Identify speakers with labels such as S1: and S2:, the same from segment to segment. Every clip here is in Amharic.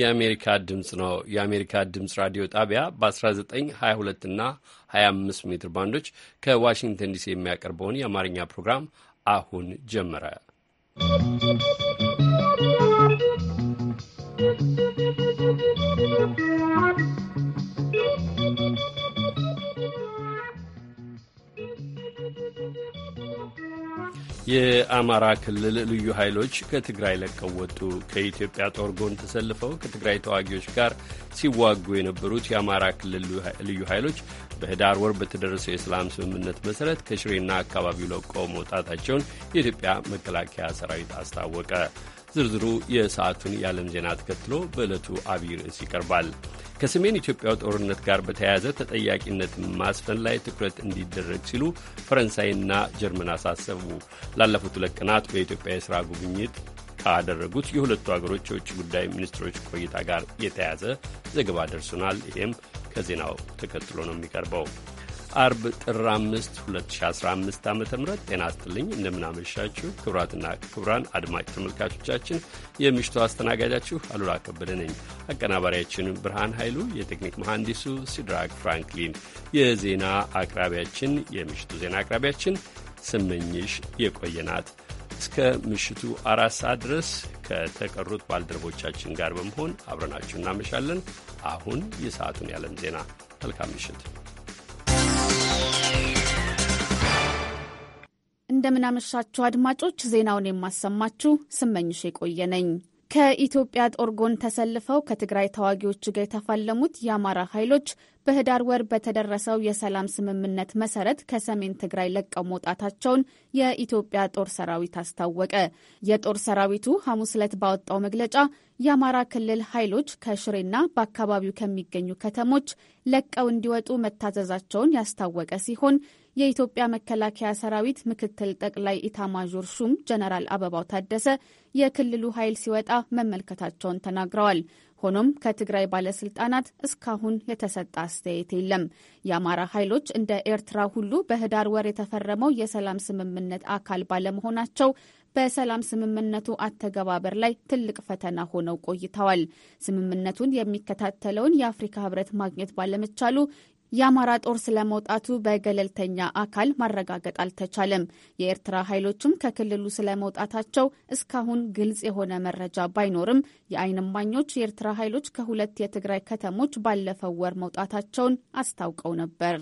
S1: የአሜሪካ ድምፅ ነው። የአሜሪካ ድምፅ ራዲዮ ጣቢያ በ1922 እና 25 ሜትር ባንዶች ከዋሽንግተን ዲሲ የሚያቀርበውን የአማርኛ ፕሮግራም አሁን ጀመረ። የአማራ ክልል ልዩ ኃይሎች ከትግራይ ለቀው ወጡ። ከኢትዮጵያ ጦር ጎን ተሰልፈው ከትግራይ ተዋጊዎች ጋር ሲዋጉ የነበሩት የአማራ ክልል ልዩ ኃይሎች በህዳር ወር በተደረሰው የሰላም ስምምነት መሠረት ከሽሬና አካባቢው ለቀው መውጣታቸውን የኢትዮጵያ መከላከያ ሰራዊት አስታወቀ። ዝርዝሩ የሰዓቱን የዓለም ዜና ተከትሎ በዕለቱ አብይ ርዕስ ይቀርባል። ከሰሜን ኢትዮጵያው ጦርነት ጋር በተያያዘ ተጠያቂነት ማስፈን ላይ ትኩረት እንዲደረግ ሲሉ ፈረንሳይና ጀርመን አሳሰቡ። ላለፉት ሁለት ቀናት በኢትዮጵያ የሥራ ጉብኝት ካደረጉት የሁለቱ አገሮች የውጭ ጉዳይ ሚኒስትሮች ቆይታ ጋር የተያዘ ዘገባ ደርሶናል። ይህም ከዜናው ተከትሎ ነው የሚቀርበው። አርብ ጥር 5 2015 ዓ ም ጤና ይስጥልኝ። እንደምናመሻችሁ ክቡራትና ክቡራን አድማጭ ተመልካቾቻችን የምሽቱ አስተናጋጃችሁ አሉላ ከበደ ነኝ። አቀናባሪያችን ብርሃን ኃይሉ፣ የቴክኒክ መሐንዲሱ ሲድራክ ፍራንክሊን፣ የዜና አቅራቢያችን የምሽቱ ዜና አቅራቢያችን ስመኝሽ የቆየናት እስከ ምሽቱ አራት ሰዓት ድረስ ከተቀሩት ባልደረቦቻችን ጋር በመሆን አብረናችሁ እናመሻለን። አሁን የሰዓቱን ያለም ዜና። መልካም ምሽት።
S2: እንደምናመሻችሁ አድማጮች፣ ዜናውን የማሰማችሁ ስመኝሽ የቆየ ነኝ። ከኢትዮጵያ ጦር ጎን ተሰልፈው ከትግራይ ተዋጊዎች ጋር የተፋለሙት የአማራ ኃይሎች በህዳር ወር በተደረሰው የሰላም ስምምነት መሰረት ከሰሜን ትግራይ ለቀው መውጣታቸውን የኢትዮጵያ ጦር ሰራዊት አስታወቀ። የጦር ሰራዊቱ ሐሙስ ዕለት ባወጣው መግለጫ የአማራ ክልል ኃይሎች ከሽሬና በአካባቢው ከሚገኙ ከተሞች ለቀው እንዲወጡ መታዘዛቸውን ያስታወቀ ሲሆን የኢትዮጵያ መከላከያ ሰራዊት ምክትል ጠቅላይ ኢታማዦር ሹም ጀነራል አበባው ታደሰ የክልሉ ኃይል ሲወጣ መመልከታቸውን ተናግረዋል። ሆኖም ከትግራይ ባለስልጣናት እስካሁን የተሰጠ አስተያየት የለም። የአማራ ኃይሎች እንደ ኤርትራ ሁሉ በህዳር ወር የተፈረመው የሰላም ስምምነት አካል ባለመሆናቸው በሰላም ስምምነቱ አተገባበር ላይ ትልቅ ፈተና ሆነው ቆይተዋል። ስምምነቱን የሚከታተለውን የአፍሪካ ህብረት ማግኘት ባለመቻሉ የአማራ ጦር ስለመውጣቱ በገለልተኛ አካል ማረጋገጥ አልተቻለም። የኤርትራ ኃይሎችም ከክልሉ ስለመውጣታቸው እስካሁን ግልጽ የሆነ መረጃ ባይኖርም የዓይን እማኞች የኤርትራ ኃይሎች ከሁለት የትግራይ ከተሞች ባለፈው ወር መውጣታቸውን አስታውቀው ነበር።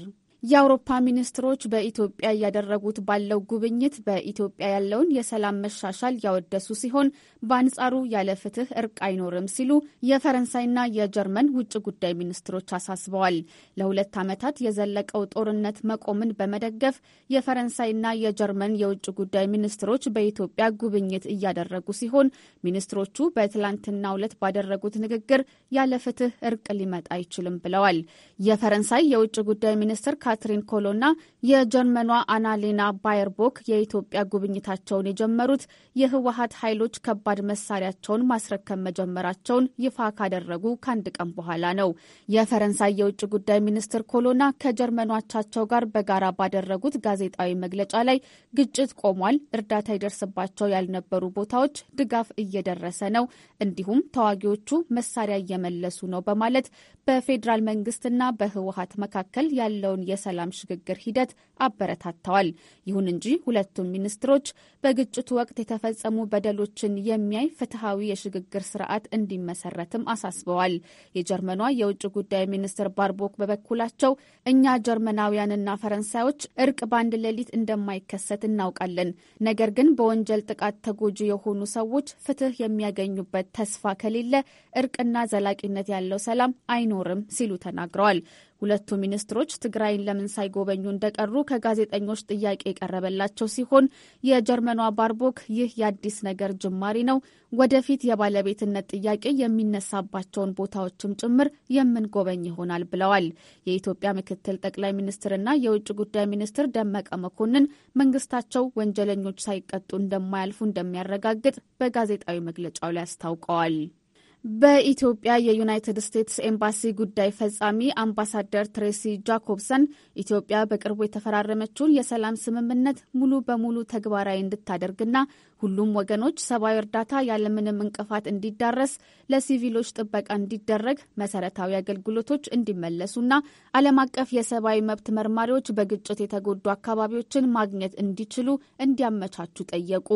S2: የአውሮፓ ሚኒስትሮች በኢትዮጵያ እያደረጉት ባለው ጉብኝት በኢትዮጵያ ያለውን የሰላም መሻሻል ያወደሱ ሲሆን በአንጻሩ ያለ ፍትህ እርቅ አይኖርም ሲሉ የፈረንሳይና የጀርመን ውጭ ጉዳይ ሚኒስትሮች አሳስበዋል። ለሁለት ዓመታት የዘለቀው ጦርነት መቆምን በመደገፍ የፈረንሳይና የጀርመን የውጭ ጉዳይ ሚኒስትሮች በኢትዮጵያ ጉብኝት እያደረጉ ሲሆን ሚኒስትሮቹ በትላንትናው ዕለት ባደረጉት ንግግር ያለ ፍትህ እርቅ ሊመጣ አይችልም ብለዋል። የፈረንሳይ የውጭ ጉዳይ ሚኒስትር ካትሪን ኮሎና የጀርመኗ አናሌና ባየርቦክ የኢትዮጵያ ጉብኝታቸውን የጀመሩት የህወሀት ኃይሎች ከባድ መሳሪያቸውን ማስረከብ መጀመራቸውን ይፋ ካደረጉ ከአንድ ቀን በኋላ ነው። የፈረንሳይ የውጭ ጉዳይ ሚኒስትር ኮሎና ከጀርመኗቻቸው ጋር በጋራ ባደረጉት ጋዜጣዊ መግለጫ ላይ ግጭት ቆሟል፣ እርዳታ ይደርስባቸው ያልነበሩ ቦታዎች ድጋፍ እየደረሰ ነው፣ እንዲሁም ተዋጊዎቹ መሳሪያ እየመለሱ ነው በማለት በፌዴራል መንግስትና በህወሀት መካከል ያለውን የሰላም ሽግግር ሂደት አበረታተዋል። ይሁን እንጂ ሁለቱም ሚኒስትሮች በግጭቱ ወቅት የተፈጸሙ በደሎችን የሚያይ ፍትሐዊ የሽግግር ስርዓት እንዲመሰረትም አሳስበዋል። የጀርመኗ የውጭ ጉዳይ ሚኒስትር ባርቦክ በበኩላቸው እኛ ጀርመናውያንና ፈረንሳዮች እርቅ በአንድ ሌሊት እንደማይከሰት እናውቃለን። ነገር ግን በወንጀል ጥቃት ተጎጂ የሆኑ ሰዎች ፍትህ የሚያገኙበት ተስፋ ከሌለ እርቅና ዘላቂነት ያለው ሰላም አይኖርም ሲሉ ተናግረዋል። ሁለቱ ሚኒስትሮች ትግራይን ለምን ሳይጎበኙ እንደቀሩ ከጋዜጠኞች ጥያቄ የቀረበላቸው ሲሆን የጀርመኗ ባርቦክ ይህ የአዲስ ነገር ጅማሬ ነው፣ ወደፊት የባለቤትነት ጥያቄ የሚነሳባቸውን ቦታዎችም ጭምር የምንጎበኝ ይሆናል ብለዋል። የኢትዮጵያ ምክትል ጠቅላይ ሚኒስትርና የውጭ ጉዳይ ሚኒስትር ደመቀ መኮንን መንግስታቸው ወንጀለኞች ሳይቀጡ እንደማያልፉ እንደሚያረጋግጥ በጋዜጣዊ መግለጫው ላይ አስታውቀዋል። በኢትዮጵያ የዩናይትድ ስቴትስ ኤምባሲ ጉዳይ ፈጻሚ አምባሳደር ትሬሲ ጃኮብሰን ኢትዮጵያ በቅርቡ የተፈራረመችውን የሰላም ስምምነት ሙሉ በሙሉ ተግባራዊ እንድታደርግና ሁሉም ወገኖች ሰብአዊ እርዳታ ያለምንም እንቅፋት እንዲዳረስ፣ ለሲቪሎች ጥበቃ እንዲደረግ፣ መሰረታዊ አገልግሎቶች እንዲመለሱና ዓለም አቀፍ የሰብአዊ መብት መርማሪዎች በግጭት የተጎዱ አካባቢዎችን ማግኘት እንዲችሉ እንዲያመቻቹ ጠየቁ።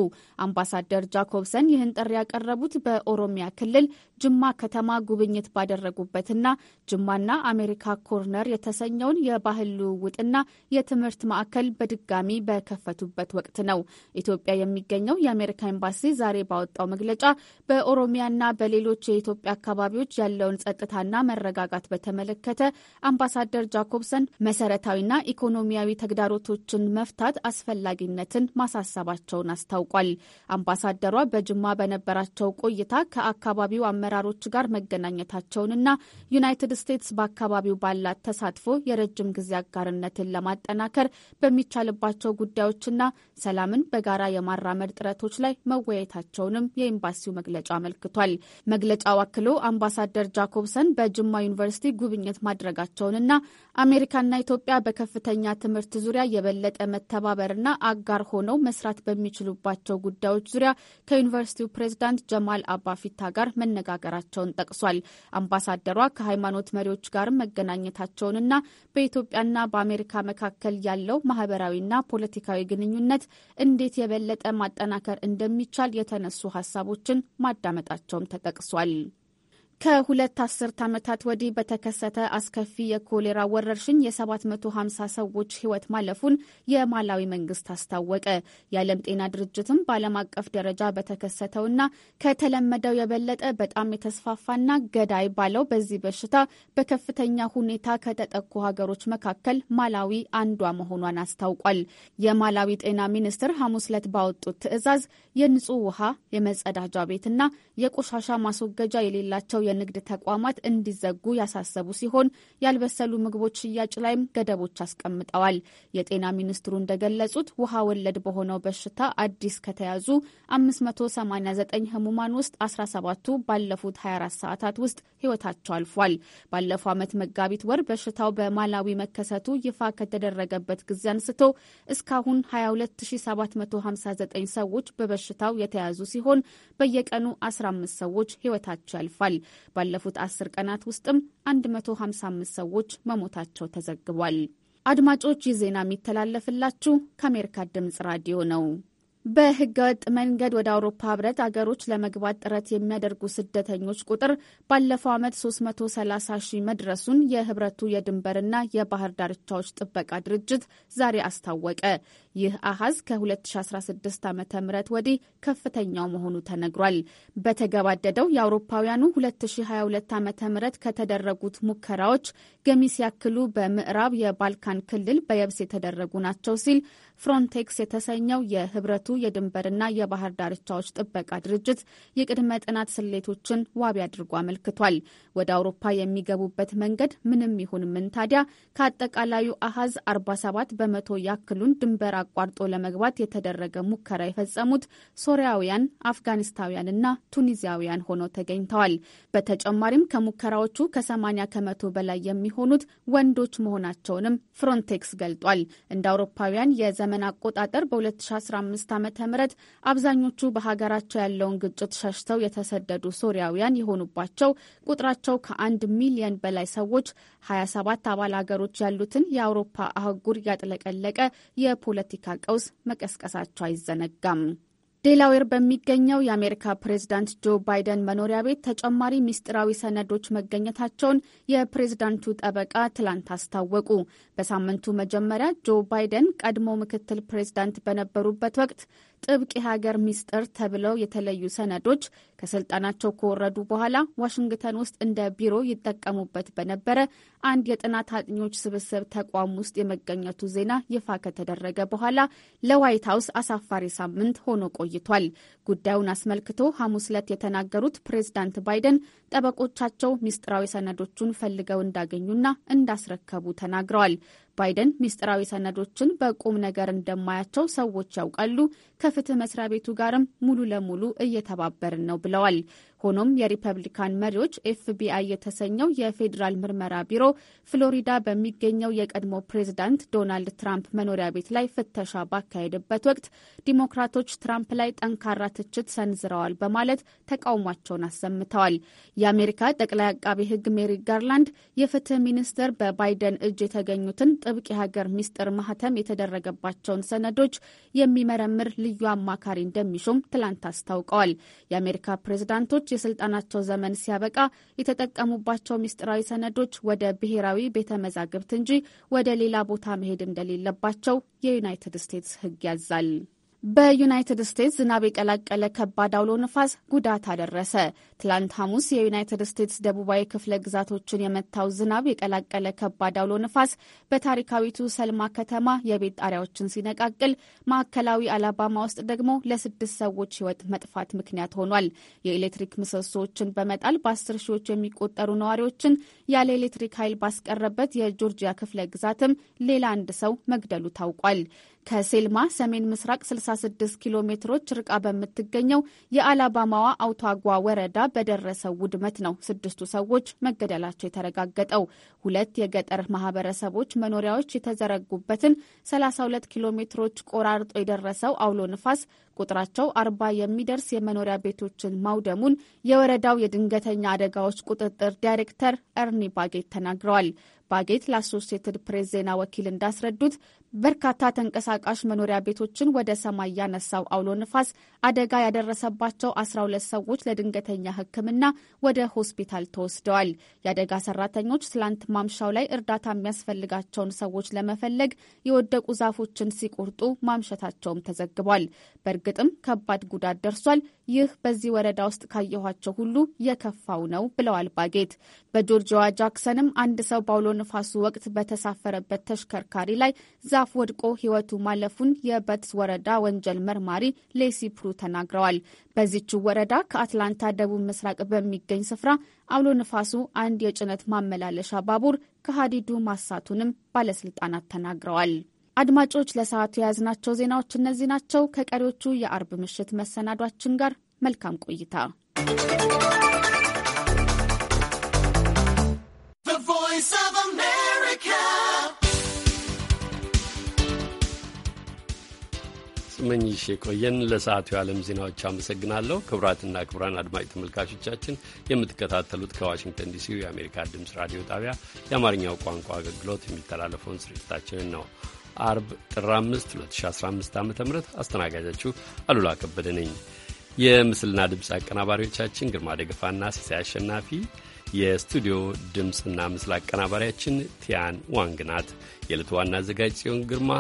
S2: አምባሳደር ጃኮብሰን ይህን ጥሪ ያቀረቡት በኦሮሚያ ክልል ጅማ ከተማ ጉብኝት ባደረጉበትና ጅማና አሜሪካ ኮርነር የተሰኘውን የባህል ልውውጥና የትምህርት ማዕከል በድጋሚ በከፈቱበት ወቅት ነው። ኢትዮጵያ የሚገኘው የአሜሪካ ኤምባሲ ዛሬ ባወጣው መግለጫ በኦሮሚያና በሌሎች የኢትዮጵያ አካባቢዎች ያለውን ጸጥታና መረጋጋት በተመለከተ አምባሳደር ጃኮብሰን መሰረታዊና ኢኮኖሚያዊ ተግዳሮቶችን መፍታት አስፈላጊነትን ማሳሰባቸውን አስታውቋል። አምባሳደሯ በጅማ በነበራቸው ቆይታ ከአካባቢው አመራሮች ጋር መገናኘታቸውንና ዩናይትድ ስቴትስ በአካባቢው ባላት ተሳትፎ የረጅም ጊዜ አጋርነትን ለማጠናከር በሚቻልባቸው ጉዳዮችና ሰላምን በጋራ የማራመድ ጥረቶ ግጭቶች ላይ መወያየታቸውንም የኤምባሲው መግለጫ አመልክቷል። መግለጫው አክሎ አምባሳደር ጃኮብሰን በጅማ ዩኒቨርሲቲ ጉብኝት ማድረጋቸውንና አሜሪካና ኢትዮጵያ በከፍተኛ ትምህርት ዙሪያ የበለጠ መተባበርና አጋር ሆነው መስራት በሚችሉባቸው ጉዳዮች ዙሪያ ከዩኒቨርሲቲው ፕሬዝዳንት ጀማል አባፊታ ጋር መነጋገራቸውን ጠቅሷል። አምባሳደሯ ከሃይማኖት መሪዎች ጋር መገናኘታቸውንና በኢትዮጵያና በአሜሪካ መካከል ያለው ማህበራዊና ፖለቲካዊ ግንኙነት እንዴት የበለጠ ማጠናከር እንደሚቻል የተነሱ ሀሳቦችን ማዳመጣቸውም ተጠቅሷል። ከሁለት አስርት ዓመታት ወዲህ በተከሰተ አስከፊ የኮሌራ ወረርሽኝ የ750 ሰዎች ሕይወት ማለፉን የማላዊ መንግስት አስታወቀ። የዓለም ጤና ድርጅትም በዓለም አቀፍ ደረጃ በተከሰተውና ከተለመደው የበለጠ በጣም የተስፋፋና ገዳይ ባለው በዚህ በሽታ በከፍተኛ ሁኔታ ከተጠቁ ሀገሮች መካከል ማላዊ አንዷ መሆኗን አስታውቋል። የማላዊ ጤና ሚኒስትር ሐሙስ ዕለት ባወጡት ትዕዛዝ የንጹህ ውሃ፣ የመጸዳጃ ቤትና የቆሻሻ ማስወገጃ የሌላቸው የንግድ ተቋማት እንዲዘጉ ያሳሰቡ ሲሆን ያልበሰሉ ምግቦች ሽያጭ ላይም ገደቦች አስቀምጠዋል። የጤና ሚኒስትሩ እንደገለጹት ውሃ ወለድ በሆነው በሽታ አዲስ ከተያዙ 589 ህሙማን ውስጥ 17ቱ ባለፉት 24 ሰዓታት ውስጥ ህይወታቸው አልፏል። ባለፈው ዓመት መጋቢት ወር በሽታው በማላዊ መከሰቱ ይፋ ከተደረገበት ጊዜ አንስቶ እስካሁን 22759 ሰዎች በበሽታው የተያዙ ሲሆን በየቀኑ 15 ሰዎች ህይወታቸው ያልፋል። ባለፉት አስር ቀናት ውስጥም 155 ሰዎች መሞታቸው ተዘግቧል። አድማጮች ይህ ዜና የሚተላለፍላችሁ ከአሜሪካ ድምጽ ራዲዮ ነው። በህገወጥ መንገድ ወደ አውሮፓ ህብረት አገሮች ለመግባት ጥረት የሚያደርጉ ስደተኞች ቁጥር ባለፈው ዓመት 330 ሺህ መድረሱን የህብረቱ የድንበርና የባህር ዳርቻዎች ጥበቃ ድርጅት ዛሬ አስታወቀ። ይህ አሃዝ ከ2016 ዓ ም ወዲህ ከፍተኛው መሆኑ ተነግሯል። በተገባደደው የአውሮፓውያኑ 2022 ዓ ም ከተደረጉት ሙከራዎች ገሚ ሲያክሉ በምዕራብ የባልካን ክልል በየብስ የተደረጉ ናቸው ሲል ፍሮንቴክስ የተሰኘው የህብረቱ የድንበርና የባህር ዳርቻዎች ጥበቃ ድርጅት የቅድመ ጥናት ስሌቶችን ዋቢ አድርጎ አመልክቷል። ወደ አውሮፓ የሚገቡበት መንገድ ምንም ይሁን ምን ታዲያ ከአጠቃላዩ አሃዝ 47 በመቶ ያክሉን ድንበር አቋርጦ ለመግባት የተደረገ ሙከራ የፈጸሙት ሶሪያውያን፣ አፍጋኒስታውያንና ቱኒዚያውያን ሆነው ተገኝተዋል። በተጨማሪም ከሙከራዎቹ ከ80 ከመቶ በላይ የሚሆኑት ወንዶች መሆናቸውንም ፍሮንቴክስ ገልጧል። እንደ አውሮፓውያን የዘ ዘመን አቆጣጠር በ2015 ዓ ም አብዛኞቹ በሀገራቸው ያለውን ግጭት ሸሽተው የተሰደዱ ሶሪያውያን የሆኑባቸው ቁጥራቸው ከአንድ ሚሊየን በላይ ሰዎች 27 አባል ሀገሮች ያሉትን የአውሮፓ አህጉር ያጥለቀለቀ የፖለቲካ ቀውስ መቀስቀሳቸው አይዘነጋም። ዴላዌር በሚገኘው የአሜሪካ ፕሬዝዳንት ጆ ባይደን መኖሪያ ቤት ተጨማሪ ሚስጢራዊ ሰነዶች መገኘታቸውን የፕሬዝዳንቱ ጠበቃ ትላንት አስታወቁ። በሳምንቱ መጀመሪያ ጆ ባይደን ቀድሞ ምክትል ፕሬዝዳንት በነበሩበት ወቅት ጥብቅ የሀገር ሚስጥር ተብለው የተለዩ ሰነዶች ከስልጣናቸው ከወረዱ በኋላ ዋሽንግተን ውስጥ እንደ ቢሮ ይጠቀሙበት በነበረ አንድ የጥናት አጥኞች ስብስብ ተቋም ውስጥ የመገኘቱ ዜና ይፋ ከተደረገ በኋላ ለዋይት ሀውስ አሳፋሪ ሳምንት ሆኖ ቆይቷል። ጉዳዩን አስመልክቶ ሐሙስ ዕለት የተናገሩት ፕሬዝዳንት ባይደን ጠበቆቻቸው ሚስጥራዊ ሰነዶቹን ፈልገው እንዳገኙና እንዳስረከቡ ተናግረዋል። ባይደን ሚስጥራዊ ሰነዶችን በቁም ነገር እንደማያቸው ሰዎች ያውቃሉ፣ ከፍትህ መስሪያ ቤቱ ጋርም ሙሉ ለሙሉ እየተባበርን ነው ብለዋል። ሆኖም የሪፐብሊካን መሪዎች ኤፍቢአይ የተሰኘው የፌዴራል ምርመራ ቢሮ ፍሎሪዳ በሚገኘው የቀድሞ ፕሬዝዳንት ዶናልድ ትራምፕ መኖሪያ ቤት ላይ ፍተሻ ባካሄደበት ወቅት ዲሞክራቶች ትራምፕ ላይ ጠንካራ ትችት ሰንዝረዋል በማለት ተቃውሟቸውን አሰምተዋል። የአሜሪካ ጠቅላይ አቃቤ ሕግ ሜሪ ጋርላንድ የፍትህ ሚኒስትር በባይደን እጅ የተገኙትን ጥብቅ የሀገር ሚስጥር ማህተም የተደረገባቸውን ሰነዶች የሚመረምር ልዩ አማካሪ እንደሚሾም ትላንት አስታውቀዋል። የአሜሪካ ፕሬዝዳንቶች የስልጣናቸው ዘመን ሲያበቃ የተጠቀሙባቸው ምስጢራዊ ሰነዶች ወደ ብሔራዊ ቤተ መዛግብት እንጂ ወደ ሌላ ቦታ መሄድ እንደሌለባቸው የዩናይትድ ስቴትስ ሕግ ያዛል። በዩናይትድ ስቴትስ ዝናብ የቀላቀለ ከባድ አውሎ ንፋስ ጉዳት አደረሰ። ትላንት ሐሙስ የዩናይትድ ስቴትስ ደቡባዊ ክፍለ ግዛቶችን የመታው ዝናብ የቀላቀለ ከባድ አውሎ ንፋስ በታሪካዊቱ ሰልማ ከተማ የቤት ጣሪያዎችን ሲነቃቅል፣ ማዕከላዊ አላባማ ውስጥ ደግሞ ለስድስት ሰዎች ሕይወት መጥፋት ምክንያት ሆኗል። የኤሌክትሪክ ምሰሶዎችን በመጣል በአስር ሺዎች የሚቆጠሩ ነዋሪዎችን ያለ ኤሌክትሪክ ኃይል ባስቀረበት የጆርጂያ ክፍለ ግዛትም ሌላ አንድ ሰው መግደሉ ታውቋል። ከሴልማ ሰሜን ምስራቅ 66 ኪሎ ሜትሮች ርቃ በምትገኘው የአላባማዋ አውታጓ ወረዳ በደረሰው ውድመት ነው ስድስቱ ሰዎች መገደላቸው የተረጋገጠው። ሁለት የገጠር ማህበረሰቦች መኖሪያዎች የተዘረጉበትን 32 ኪሎ ሜትሮች ቆራርጦ የደረሰው አውሎ ንፋስ ቁጥራቸው አርባ የሚደርስ የመኖሪያ ቤቶችን ማውደሙን የወረዳው የድንገተኛ አደጋዎች ቁጥጥር ዳይሬክተር ኤርኒ ባጌት ተናግረዋል። ባጌት ለአሶሴትድ ፕሬስ ዜና ወኪል እንዳስረዱት በርካታ ተንቀሳቃሽ መኖሪያ ቤቶችን ወደ ሰማይ ያነሳው አውሎ ንፋስ አደጋ ያደረሰባቸው 12 ሰዎች ለድንገተኛ ሕክምና ወደ ሆስፒታል ተወስደዋል። የአደጋ ሰራተኞች ትላንት ማምሻው ላይ እርዳታ የሚያስፈልጋቸውን ሰዎች ለመፈለግ የወደቁ ዛፎችን ሲቆርጡ ማምሸታቸውም ተዘግቧል። በእርግጥም ከባድ ጉዳት ደርሷል። ይህ በዚህ ወረዳ ውስጥ ካየኋቸው ሁሉ የከፋው ነው ብለዋል ባጌት። በጆርጂያዋ ጃክሰንም አንድ ሰው በአውሎ ነፋሱ ወቅት በተሳፈረበት ተሽከርካሪ ላይ ዛፍ ወድቆ ሕይወቱ ማለፉን የበትስ ወረዳ ወንጀል መርማሪ ሌሲ ፕሩ ተናግረዋል። በዚችው ወረዳ ከአትላንታ ደቡብ ምስራቅ በሚገኝ ስፍራ አውሎ ነፋሱ አንድ የጭነት ማመላለሻ ባቡር ከሀዲዱ ማሳቱንም ባለስልጣናት ተናግረዋል። አድማጮች ለሰዓቱ የያዝናቸው ዜናዎች እነዚህ ናቸው። ከቀሪዎቹ የአርብ ምሽት መሰናዷችን ጋር መልካም ቆይታ።
S1: መኝሽ የቆየን ለሰዓቱ የዓለም ዜናዎች አመሰግናለሁ። ክቡራትና ክቡራን አድማጭ ተመልካቾቻችን የምትከታተሉት ከዋሽንግተን ዲሲ የአሜሪካ ድምፅ ራዲዮ ጣቢያ የአማርኛው ቋንቋ አገልግሎት የሚተላለፈውን ስርጭታችንን ነው። አርብ ጥር 5 2015 ዓ ም አስተናጋጃችሁ አሉላ ከበደ ነኝ። የምስልና ድምፅ አቀናባሪዎቻችን ግርማ ደገፋና ሲሳይ አሸናፊ፣ የስቱዲዮ ድምፅና ምስል አቀናባሪያችን ቲያን ዋንግ ናት። የዕለቱ ዋና አዘጋጅ ጽዮን ግርማ፣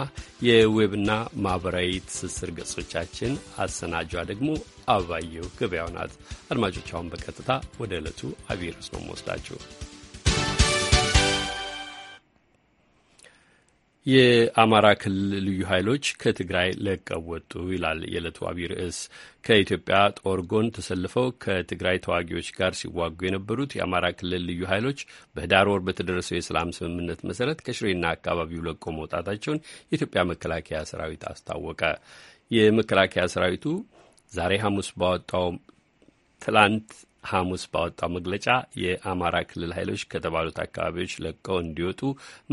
S1: የዌብና ማኅበራዊ ትስስር ገጾቻችን አሰናጇ ደግሞ አበባየሁ ገበያው ናት። አድማጮች አሁን በቀጥታ ወደ ዕለቱ አብይ ርዕስ ነው የምወስዳችሁ። የአማራ ክልል ልዩ ኃይሎች ከትግራይ ለቀው ወጡ ይላል የዕለቱ አብይ ርዕስ። ከኢትዮጵያ ጦር ጎን ተሰልፈው ከትግራይ ተዋጊዎች ጋር ሲዋጉ የነበሩት የአማራ ክልል ልዩ ኃይሎች በህዳር ወር በተደረሰው የሰላም ስምምነት መሰረት ከሽሬና አካባቢው ለቆ መውጣታቸውን የኢትዮጵያ መከላከያ ሰራዊት አስታወቀ። የመከላከያ ሰራዊቱ ዛሬ ሐሙስ ባወጣው ትላንት ሐሙስ ባወጣው መግለጫ የአማራ ክልል ኃይሎች ከተባሉት አካባቢዎች ለቀው እንዲወጡ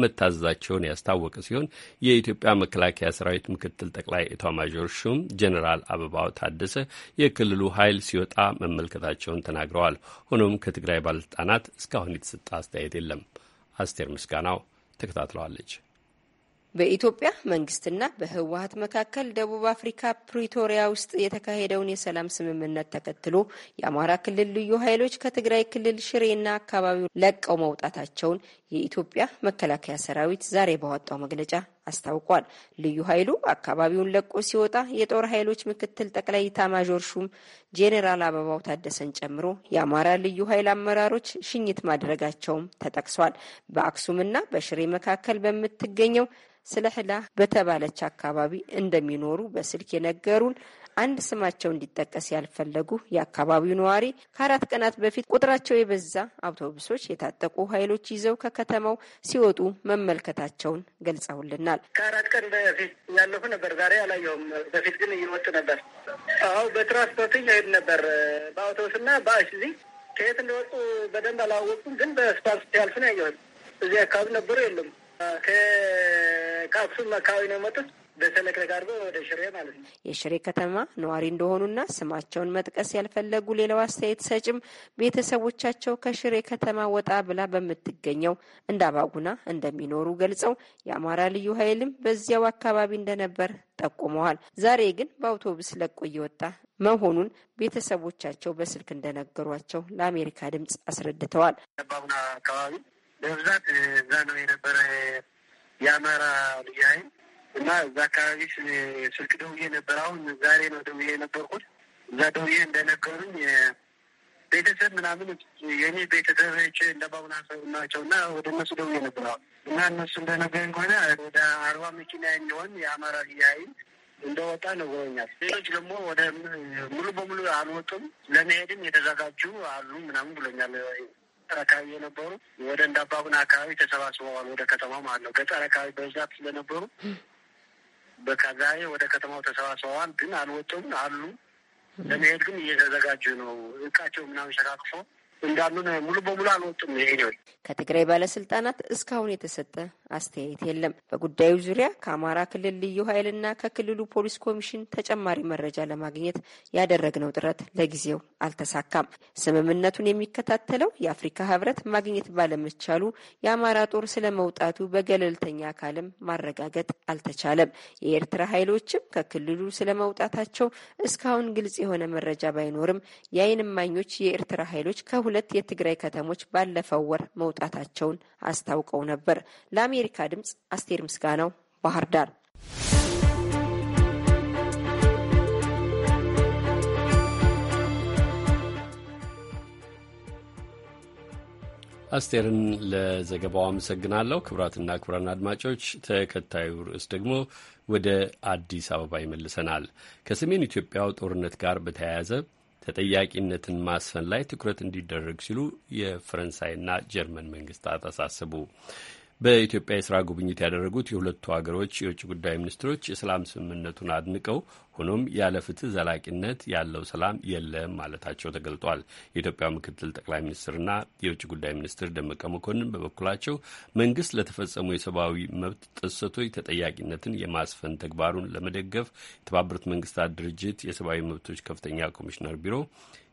S1: መታዘዛቸውን ያስታወቀ ሲሆን የኢትዮጵያ መከላከያ ሰራዊት ምክትል ጠቅላይ ኤታማዦር ሹም ጀኔራል አበባው ታደሰ የክልሉ ኃይል ሲወጣ መመልከታቸውን ተናግረዋል። ሆኖም ከትግራይ ባለስልጣናት እስካሁን የተሰጠ አስተያየት የለም። አስቴር ምስጋናው ተከታትለዋለች።
S3: በኢትዮጵያ መንግስትና በህወሀት መካከል ደቡብ አፍሪካ ፕሪቶሪያ ውስጥ የተካሄደውን የሰላም ስምምነት ተከትሎ የአማራ ክልል ልዩ ኃይሎች ከትግራይ ክልል ሽሬና አካባቢው ለቀው መውጣታቸውን የኢትዮጵያ መከላከያ ሰራዊት ዛሬ ባወጣው መግለጫ አስታውቋል። ልዩ ኃይሉ አካባቢውን ለቆ ሲወጣ የጦር ኃይሎች ምክትል ጠቅላይ ኢታማዦር ሹም ጄኔራል አበባው ታደሰን ጨምሮ የአማራ ልዩ ኃይል አመራሮች ሽኝት ማድረጋቸውም ተጠቅሷል። በአክሱምና በሽሬ መካከል በምትገኘው ስለ ህላ በተባለች አካባቢ እንደሚኖሩ በስልክ የነገሩን አንድ ስማቸው እንዲጠቀስ ያልፈለጉ የአካባቢው ነዋሪ ከአራት ቀናት በፊት ቁጥራቸው የበዛ አውቶቡሶች የታጠቁ ኃይሎች ይዘው ከከተማው ሲወጡ መመልከታቸውን ገልጸውልናል።
S4: ከአራት ቀን በፊት ያለፉ ነበር። ዛሬ አላየሁም። በፊት ግን እየወጡ ነበር። አዎ በትራንስፖርት ይሄድ ነበር። በአውቶቡስና በአሽ ከየት እንደወጡ በደንብ አላወቁም። ግን በስፓልት ያልፉ ነው ያየሁት። እዚህ አካባቢ ነበሩ የለም። ከአክሱም አካባቢ ነው የመጡት በሰለቅለቅ አድርጎ ወደ ሽሬ ማለት ነው።
S3: የሽሬ ከተማ ነዋሪ እንደሆኑና ስማቸውን መጥቀስ ያልፈለጉ ሌላው አስተያየት ሰጭም ቤተሰቦቻቸው ከሽሬ ከተማ ወጣ ብላ በምትገኘው እንዳባጉና እንደሚኖሩ ገልጸው የአማራ ልዩ ኃይልም በዚያው አካባቢ እንደነበር ጠቁመዋል። ዛሬ ግን በአውቶቡስ ለቆ እየወጣ መሆኑን ቤተሰቦቻቸው በስልክ እንደነገሯቸው ለአሜሪካ ድምጽ አስረድተዋል። አካባቢ
S4: በብዛት እዛ ነው የነበረ የአማራ ልዩ ኃይል እና እዛ አካባቢ ስልክ ደውዬ ነበር። አሁን ዛሬ ነው ደውዬ የነበርኩት። እዛ ደውዬ እንደነገሩኝ ቤተሰብ ምናምን የኔ ቤተሰቦች እንደ ባቡናሰብ ናቸው እና ወደ እነሱ ደውዬ ነበር አሁን እና እነሱ እንደነገሩኝ ከሆነ ወደ አርባ መኪና የሚሆን የአማራ ልዩ እንደወጣ ነግሮኛል። ሌሎች ደግሞ ወደ ሙሉ በሙሉ አልወጡም፣ ለመሄድም የተዘጋጁ አሉ ምናምን ብሎኛል። አካባቢ የነበሩ ወደ እንዳባቡን አካባቢ ተሰባስበዋል። ወደ ከተማ ማለት ነው። ገጠር አካባቢ በብዛት ስለነበሩ በቃ ወደ ከተማው ተሰባስበዋል። ግን አልወጡም አሉ። ለመሄድ ግን እየተዘጋጁ ነው። እቃቸው ምናምን ሸራክፎ እንዳሉ ሙሉ በሙሉ አልወጡም። ይሄ
S3: ከትግራይ ባለስልጣናት እስካሁን የተሰጠ አስተያየት የለም። በጉዳዩ ዙሪያ ከአማራ ክልል ልዩ ኃይልና ከክልሉ ፖሊስ ኮሚሽን ተጨማሪ መረጃ ለማግኘት ያደረግነው ጥረት ለጊዜው አልተሳካም። ስምምነቱን የሚከታተለው የአፍሪካ ህብረት ማግኘት ባለመቻሉ የአማራ ጦር ስለ መውጣቱ በገለልተኛ አካልም ማረጋገጥ አልተቻለም። የኤርትራ ኃይሎችም ከክልሉ ስለ መውጣታቸው እስካሁን ግልጽ የሆነ መረጃ ባይኖርም የአይን እማኞች የኤርትራ ኃይሎች ከሁ ሁለት የትግራይ ከተሞች ባለፈው ወር መውጣታቸውን አስታውቀው ነበር። ለአሜሪካ ድምጽ አስቴር ምስጋናው ባህር ዳር።
S1: አስቴርን ለዘገባው አመሰግናለሁ። ክቡራትና ክቡራን አድማጮች ተከታዩ ርዕስ ደግሞ ወደ አዲስ አበባ ይመልሰናል። ከሰሜን ኢትዮጵያው ጦርነት ጋር በተያያዘ ተጠያቂነትን ማስፈን ላይ ትኩረት እንዲደረግ ሲሉ የፈረንሳይና ጀርመን መንግስታት አሳስቡ። በኢትዮጵያ የስራ ጉብኝት ያደረጉት የሁለቱ ሀገሮች የውጭ ጉዳይ ሚኒስትሮች የሰላም ስምምነቱን አድንቀው ሆኖም ያለ ፍትህ ዘላቂነት ያለው ሰላም የለም ማለታቸው ተገልጧል። የኢትዮጵያ ምክትል ጠቅላይ ሚኒስትርና የውጭ ጉዳይ ሚኒስትር ደመቀ መኮንን በበኩላቸው መንግስት ለተፈጸሙ የሰብአዊ መብት ጥሰቶች ተጠያቂነትን የማስፈን ተግባሩን ለመደገፍ የተባበሩት መንግስታት ድርጅት የሰብአዊ መብቶች ከፍተኛ ኮሚሽነር ቢሮ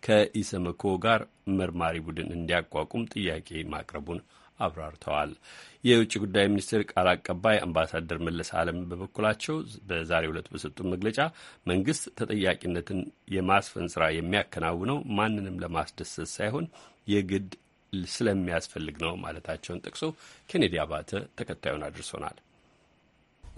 S1: ከኢሰመኮ ጋር መርማሪ ቡድን እንዲያቋቁም ጥያቄ ማቅረቡን አብራርተዋል። የውጭ ጉዳይ ሚኒስትር ቃል አቀባይ አምባሳደር መለስ አለም በበኩላቸው በዛሬው ዕለት በሰጡት መግለጫ መንግስት ተጠያቂነትን የማስፈን ስራ የሚያከናውነው ማንንም ለማስደሰት ሳይሆን የግድ ስለሚያስፈልግ ነው ማለታቸውን ጠቅሶ ኬኔዲ አባተ ተከታዩን አድርሶናል።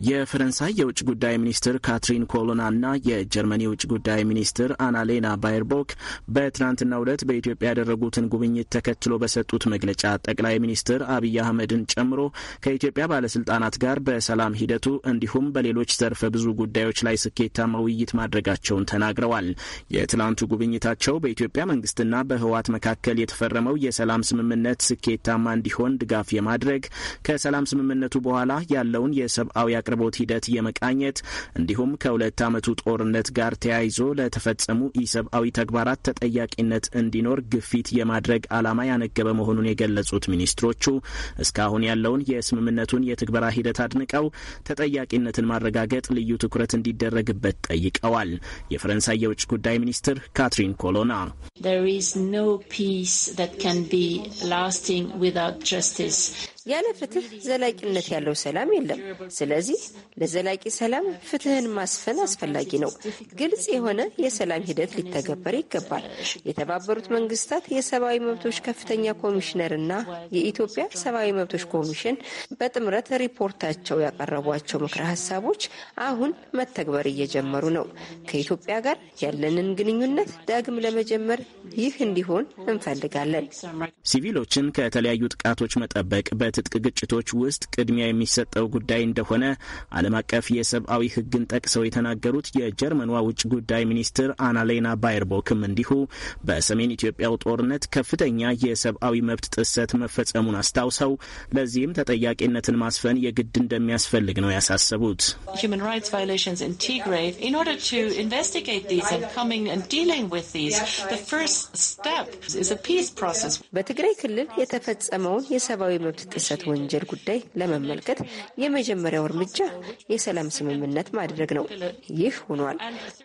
S5: የፈረንሳይ የውጭ ጉዳይ ሚኒስትር ካትሪን ኮሎና እና የጀርመን የውጭ ጉዳይ ሚኒስትር አናሌና ባየርቦክ በትናንትናው ዕለት በኢትዮጵያ ያደረጉትን ጉብኝት ተከትሎ በሰጡት መግለጫ ጠቅላይ ሚኒስትር አብይ አህመድን ጨምሮ ከኢትዮጵያ ባለስልጣናት ጋር በሰላም ሂደቱ እንዲሁም በሌሎች ዘርፈ ብዙ ጉዳዮች ላይ ስኬታማ ውይይት ማድረጋቸውን ተናግረዋል። የትላንቱ ጉብኝታቸው በኢትዮጵያ መንግስትና በህወሓት መካከል የተፈረመው የሰላም ስምምነት ስኬታማ እንዲሆን ድጋፍ የማድረግ ከሰላም ስምምነቱ በኋላ ያለውን የሰብአዊ የአቅርቦት ሂደት የመቃኘት እንዲሁም ከሁለት ዓመቱ ጦርነት ጋር ተያይዞ ለተፈጸሙ ኢሰብአዊ ተግባራት ተጠያቂነት እንዲኖር ግፊት የማድረግ ዓላማ ያነገበ መሆኑን የገለጹት ሚኒስትሮቹ እስካሁን ያለውን የስምምነቱን የትግበራ ሂደት አድንቀው ተጠያቂነትን ማረጋገጥ ልዩ ትኩረት እንዲደረግበት ጠይቀዋል። የፈረንሳይ የውጭ ጉዳይ ሚኒስትር ካትሪን ኮሎና
S3: ያለ ፍትህ ዘላቂነት ያለው ሰላም የለም። ስለዚህ ለዘላቂ ሰላም ፍትህን ማስፈን አስፈላጊ ነው። ግልጽ የሆነ የሰላም ሂደት ሊተገበር ይገባል። የተባበሩት መንግስታት የሰብአዊ መብቶች ከፍተኛ ኮሚሽነር እና የኢትዮጵያ ሰብአዊ መብቶች ኮሚሽን በጥምረት ሪፖርታቸው ያቀረቧቸው ምክረ ሀሳቦች አሁን መተግበር እየጀመሩ ነው። ከኢትዮጵያ ጋር ያለንን ግንኙነት ዳግም ለመጀመር ይህ እንዲሆን እንፈልጋለን።
S5: ሲቪሎችን ከተለያዩ ጥቃቶች መጠበቅ በት የትጥቅ ግጭቶች ውስጥ ቅድሚያ የሚሰጠው ጉዳይ እንደሆነ ዓለም አቀፍ የሰብአዊ ሕግን ጠቅሰው የተናገሩት የጀርመኗ ውጭ ጉዳይ ሚኒስትር አናሌና ባየርቦክም እንዲሁ በሰሜን ኢትዮጵያው ጦርነት ከፍተኛ የሰብአዊ መብት ጥሰት መፈጸሙን አስታውሰው ለዚህም ተጠያቂነትን ማስፈን የግድ እንደሚያስፈልግ ነው ያሳሰቡት።
S3: በትግራይ ክልል የተፈጸመውን የሰብአዊ መብት የጥሰት ወንጀል ጉዳይ ለመመልከት የመጀመሪያው እርምጃ የሰላም ስምምነት ማድረግ ነው። ይህ ሆኗል።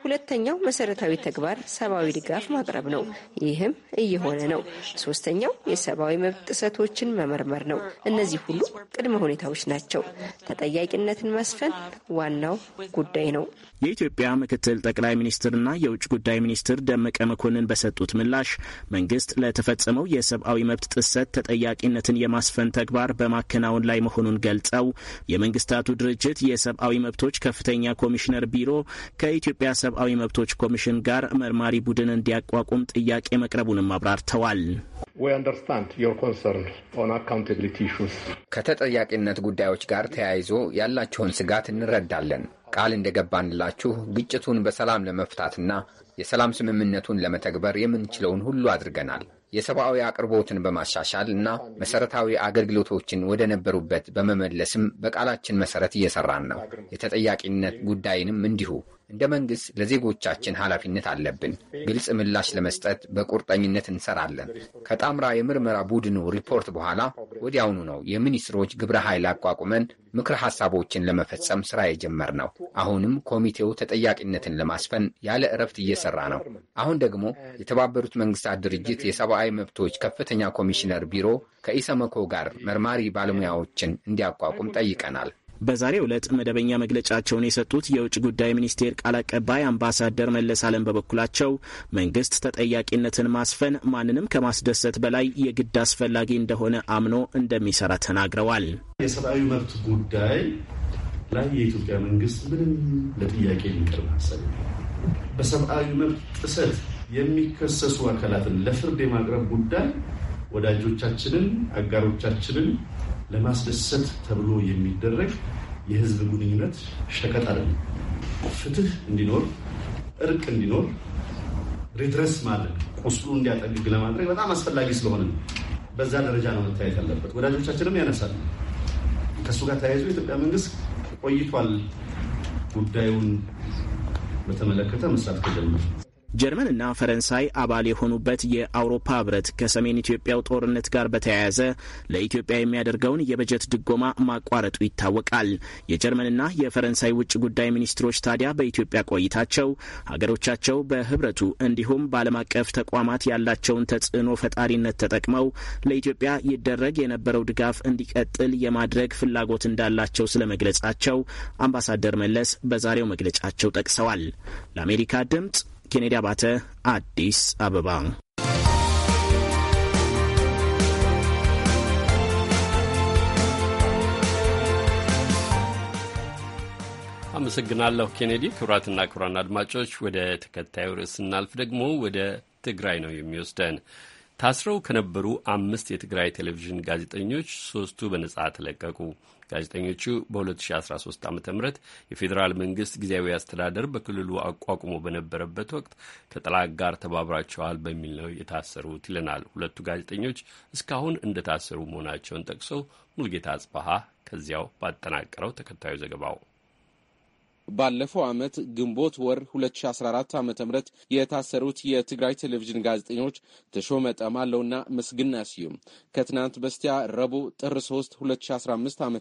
S3: ሁለተኛው መሰረታዊ ተግባር ሰብአዊ ድጋፍ ማቅረብ ነው። ይህም እየሆነ ነው። ሶስተኛው የሰብአዊ መብት ጥሰቶችን መመርመር ነው። እነዚህ ሁሉ ቅድመ ሁኔታዎች ናቸው። ተጠያቂነትን ማስፈን ዋናው
S5: ጉዳይ ነው። የኢትዮጵያ ምክትል ጠቅላይ ሚኒስትርና የውጭ ጉዳይ ሚኒስትር ደመቀ መኮንን በሰጡት ምላሽ መንግስት ለተፈጸመው የሰብአዊ መብት ጥሰት ተጠያቂነትን የማስፈን ተግባር ተግባር በማከናወን ላይ መሆኑን ገልጸው የመንግስታቱ ድርጅት የሰብአዊ መብቶች ከፍተኛ ኮሚሽነር ቢሮ ከኢትዮጵያ ሰብአዊ መብቶች ኮሚሽን ጋር መርማሪ ቡድን እንዲያቋቁም ጥያቄ መቅረቡንም አብራርተዋል።
S6: ከተጠያቂነት ጉዳዮች ጋር ተያይዞ ያላቸውን ስጋት እንረዳለን። ቃል እንደገባንላችሁ ግጭቱን በሰላም ለመፍታትና የሰላም ስምምነቱን ለመተግበር የምንችለውን ሁሉ አድርገናል። የሰብአዊ አቅርቦትን በማሻሻል እና መሰረታዊ አገልግሎቶችን ወደ ነበሩበት በመመለስም በቃላችን መሰረት እየሰራን ነው። የተጠያቂነት ጉዳይንም እንዲሁ እንደ መንግሥት ለዜጎቻችን ኃላፊነት አለብን። ግልጽ ምላሽ ለመስጠት በቁርጠኝነት እንሰራለን። ከጣምራ የምርመራ ቡድኑ ሪፖርት በኋላ ወዲያውኑ ነው የሚኒስትሮች ግብረ ኃይል አቋቁመን ምክረ ሐሳቦችን ለመፈጸም ሥራ የጀመር ነው። አሁንም ኮሚቴው ተጠያቂነትን ለማስፈን ያለ እረፍት እየሠራ ነው። አሁን ደግሞ የተባበሩት መንግሥታት ድርጅት የሰብአዊ መብቶች ከፍተኛ ኮሚሽነር ቢሮ ከኢሰመኮ ጋር መርማሪ
S5: ባለሙያዎችን እንዲያቋቁም ጠይቀናል። በዛሬው ዕለት መደበኛ መግለጫቸውን የሰጡት የውጭ ጉዳይ ሚኒስቴር ቃል አቀባይ አምባሳደር መለስ አለም በበኩላቸው መንግስት ተጠያቂነትን ማስፈን ማንንም ከማስደሰት በላይ የግድ አስፈላጊ እንደሆነ አምኖ እንደሚሰራ ተናግረዋል።
S7: የሰብአዊ መብት ጉዳይ ላይ የኢትዮጵያ መንግስት ምንም
S1: ለጥያቄ የሚቀርብ ሀሳብ በሰብአዊ መብት ጥሰት የሚከሰሱ አካላትን ለፍርድ የማቅረብ ጉዳይ ወዳጆቻችንን፣ አጋሮቻችንን
S8: ለማስደሰት ተብሎ የሚደረግ የህዝብ ግንኙነት ሸቀጥ አይደለም። ፍትህ እንዲኖር፣ እርቅ እንዲኖር፣ ሪድረስ ማድረግ
S1: ቁስሉ
S7: እንዲያጠግግ ለማድረግ በጣም አስፈላጊ ስለሆነ በዛ ደረጃ ነው መታየት ያለበት። ወዳጆቻችንም ያነሳል። ከእሱ ጋር ተያይዞ የኢትዮጵያ መንግስት ቆይቷል ጉዳዩን በተመለከተ መስራት ከጀመረ
S5: ጀርመንና ፈረንሳይ አባል የሆኑበት የአውሮፓ ህብረት ከሰሜን ኢትዮጵያው ጦርነት ጋር በተያያዘ ለኢትዮጵያ የሚያደርገውን የበጀት ድጎማ ማቋረጡ ይታወቃል። የጀርመንና የፈረንሳይ ውጭ ጉዳይ ሚኒስትሮች ታዲያ በኢትዮጵያ ቆይታቸው ሀገሮቻቸው በህብረቱ እንዲሁም በዓለም አቀፍ ተቋማት ያላቸውን ተጽዕኖ ፈጣሪነት ተጠቅመው ለኢትዮጵያ ይደረግ የነበረው ድጋፍ እንዲቀጥል የማድረግ ፍላጎት እንዳላቸው ስለመግለጻቸው አምባሳደር መለስ በዛሬው መግለጫቸው ጠቅሰዋል። ለአሜሪካ ድምጽ ኬኔዲ አባተ አዲስ አበባ።
S1: አመሰግናለሁ ኬኔዲ። ክቡራትና ክቡራን አድማጮች ወደ ተከታዩ ርዕስ ስናልፍ ደግሞ ወደ ትግራይ ነው የሚወስደን። ታስረው ከነበሩ አምስት የትግራይ ቴሌቪዥን ጋዜጠኞች ሶስቱ በነጻ ተለቀቁ። ጋዜጠኞቹ በ2013 ዓ ም የፌዴራል መንግስት ጊዜያዊ አስተዳደር በክልሉ አቋቁሞ በነበረበት ወቅት ከጠላት ጋር ተባብራቸዋል በሚል ነው የታሰሩት ይለናል። ሁለቱ ጋዜጠኞች እስካሁን እንደታሰሩ መሆናቸውን ጠቅሶ ሙልጌታ አጽበሃ ከዚያው ባጠናቀረው ተከታዩ ዘገባው
S9: ባለፈው ዓመት ግንቦት ወር 2014 ዓ ም የታሰሩት የትግራይ ቴሌቪዥን ጋዜጠኞች ተሾመ ጠማለውና ምስግና ስዩም ከትናንት በስቲያ ረቡዕ ጥር 3 2015 ዓ ም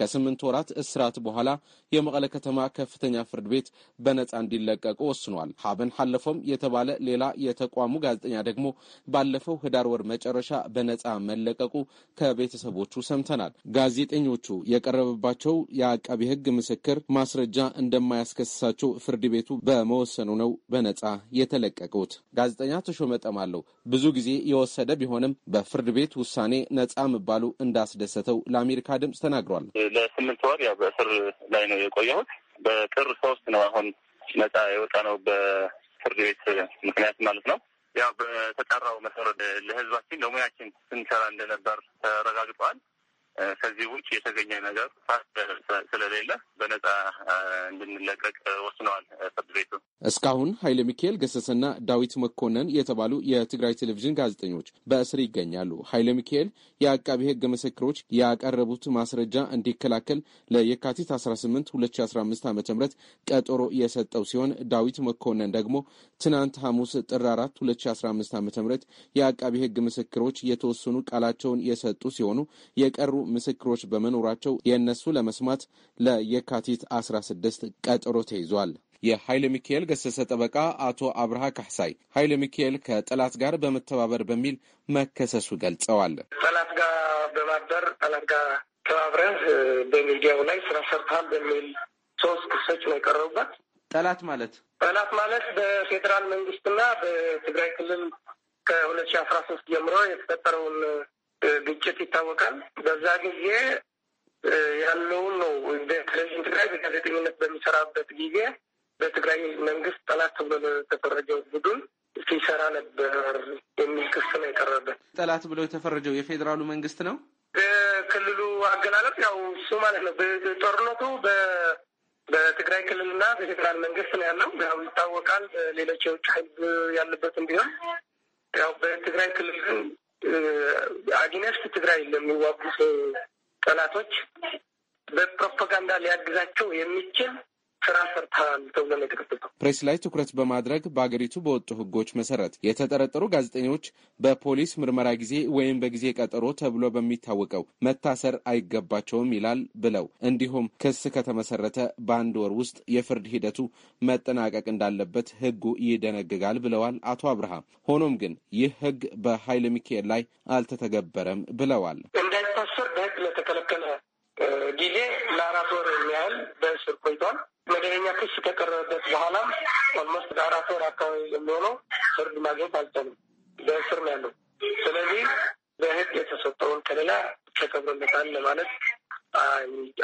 S9: ከስምንት ወራት እስራት በኋላ የመቀለ ከተማ ከፍተኛ ፍርድ ቤት በነፃ እንዲለቀቁ ወስኗል። ሀበን ሐለፎም የተባለ ሌላ የተቋሙ ጋዜጠኛ ደግሞ ባለፈው ህዳር ወር መጨረሻ በነፃ መለቀቁ ከቤተሰቦቹ ሰምተናል። ጋዜጠኞቹ የቀረበባቸው የአቃቢ ህግ ምስክር ማስረጃ እንደማያስከስሳቸው ፍርድ ቤቱ በመወሰኑ ነው በነጻ የተለቀቁት። ጋዜጠኛ ተሾመ ጠማለው ብዙ ጊዜ የወሰደ ቢሆንም በፍርድ ቤት ውሳኔ ነጻ መባሉ እንዳስደሰተው ለአሜሪካ ድምፅ ተናግሯል። ለስምንት
S5: ወር ያው በእስር ላይ ነው የቆየሁት።
S4: በጥር ሶስት ነው አሁን ነጻ የወጣ ነው በፍርድ ቤት ምክንያት ማለት ነው። ያው በተጠራው መሰረት ለህዝባችን ለሙያችን ስንሰራ እንደነበር ተረጋግጧል። ከዚህ ውጭ የተገኘ ነገር ስለሌለ በነጻ እንድንለቀቅ
S9: ወስነዋል ፍርድ ቤቱ። እስካሁን ኃይለ ሚካኤል ገሰሰና ዳዊት መኮነን የተባሉ የትግራይ ቴሌቪዥን ጋዜጠኞች በእስር ይገኛሉ። ኃይለ ሚካኤል የአቃቢ ሕግ ምስክሮች ያቀረቡት ማስረጃ እንዲከላከል ለየካቲት 18 2015 ዓ ም ቀጠሮ የሰጠው ሲሆን ዳዊት መኮነን ደግሞ ትናንት ሐሙስ ጥር 4 2015 ዓ ም የአቃቢ ሕግ ምስክሮች የተወሰኑ ቃላቸውን የሰጡ ሲሆኑ የቀሩ ምስክሮች በመኖራቸው የእነሱ ለመስማት ለየካቲት 16 ቀጠሮ ተይዟል። የኃይለ ሚካኤል ገሰሰ ጠበቃ አቶ አብርሃ ካሕሳይ ኃይለ ሚካኤል ከጠላት ጋር በመተባበር በሚል መከሰሱ ገልጸዋል። ጠላት ጋር በማበር ጠላት ጋር
S4: ተባብረህ በሚዲያው ላይ ስራ ሰርተሃል በሚል ሶስት ክሶች ነው የቀረቡበት። ጠላት ማለት ጠላት ማለት በፌዴራል መንግስትና በትግራይ ክልል ከሁለት ሺህ አስራ ሶስት ጀምሮ የተፈጠረውን ግጭት ይታወቃል። በዛ ጊዜ ያለውን ነው በቴሌቪዥን ትግራይ በጋዜጠኝነት በሚሰራበት ጊዜ በትግራይ መንግስት ጠላት ተብሎ ለተፈረጀው ቡድን ሲሰራ ነበር የሚል ክስ ነው የቀረበት።
S9: ጠላት ብሎ የተፈረጀው የፌዴራሉ መንግስት ነው።
S4: በክልሉ አገላለጽ ያው እሱ ማለት ነው። ጦርነቱ በትግራይ ክልልና በፌዴራል መንግስት ነው ያለው። ያው ይታወቃል። ሌሎች የውጭ ሀይል ያለበትም ቢሆን ያው በትግራይ ክልል ግን አጊነስት ትግራይ ለሚዋጉት ጠላቶች በፕሮፓጋንዳ ሊያግዛቸው የሚችል ስራ ሰርተሃል ተብሎ ነው የተከሰሰው።
S9: ፕሬስ ላይ ትኩረት በማድረግ በአገሪቱ በወጡ ህጎች መሰረት የተጠረጠሩ ጋዜጠኞች በፖሊስ ምርመራ ጊዜ ወይም በጊዜ ቀጠሮ ተብሎ በሚታወቀው መታሰር አይገባቸውም ይላል ብለው እንዲሁም ክስ ከተመሰረተ በአንድ ወር ውስጥ የፍርድ ሂደቱ መጠናቀቅ እንዳለበት ህጉ ይደነግጋል ብለዋል አቶ አብርሃም። ሆኖም ግን ይህ ህግ በኃይለ ሚካኤል ላይ አልተተገበረም ብለዋል። እንዳይታሰር
S4: በህግ ለተከለከለ ጊዜ ለአራት ወር የሚያህል በእስር ቆይቷል። መደበኛ ክስ ከቀረበበት በኋላ ኦልሞስት ለአራት ወር አካባቢ የሚሆነው ፍርድ ማግኘት አልቻልም። በእስር ነው ያለው። ስለዚህ በህግ የተሰጠውን ከሌላ ተከብሮለታል ለማለት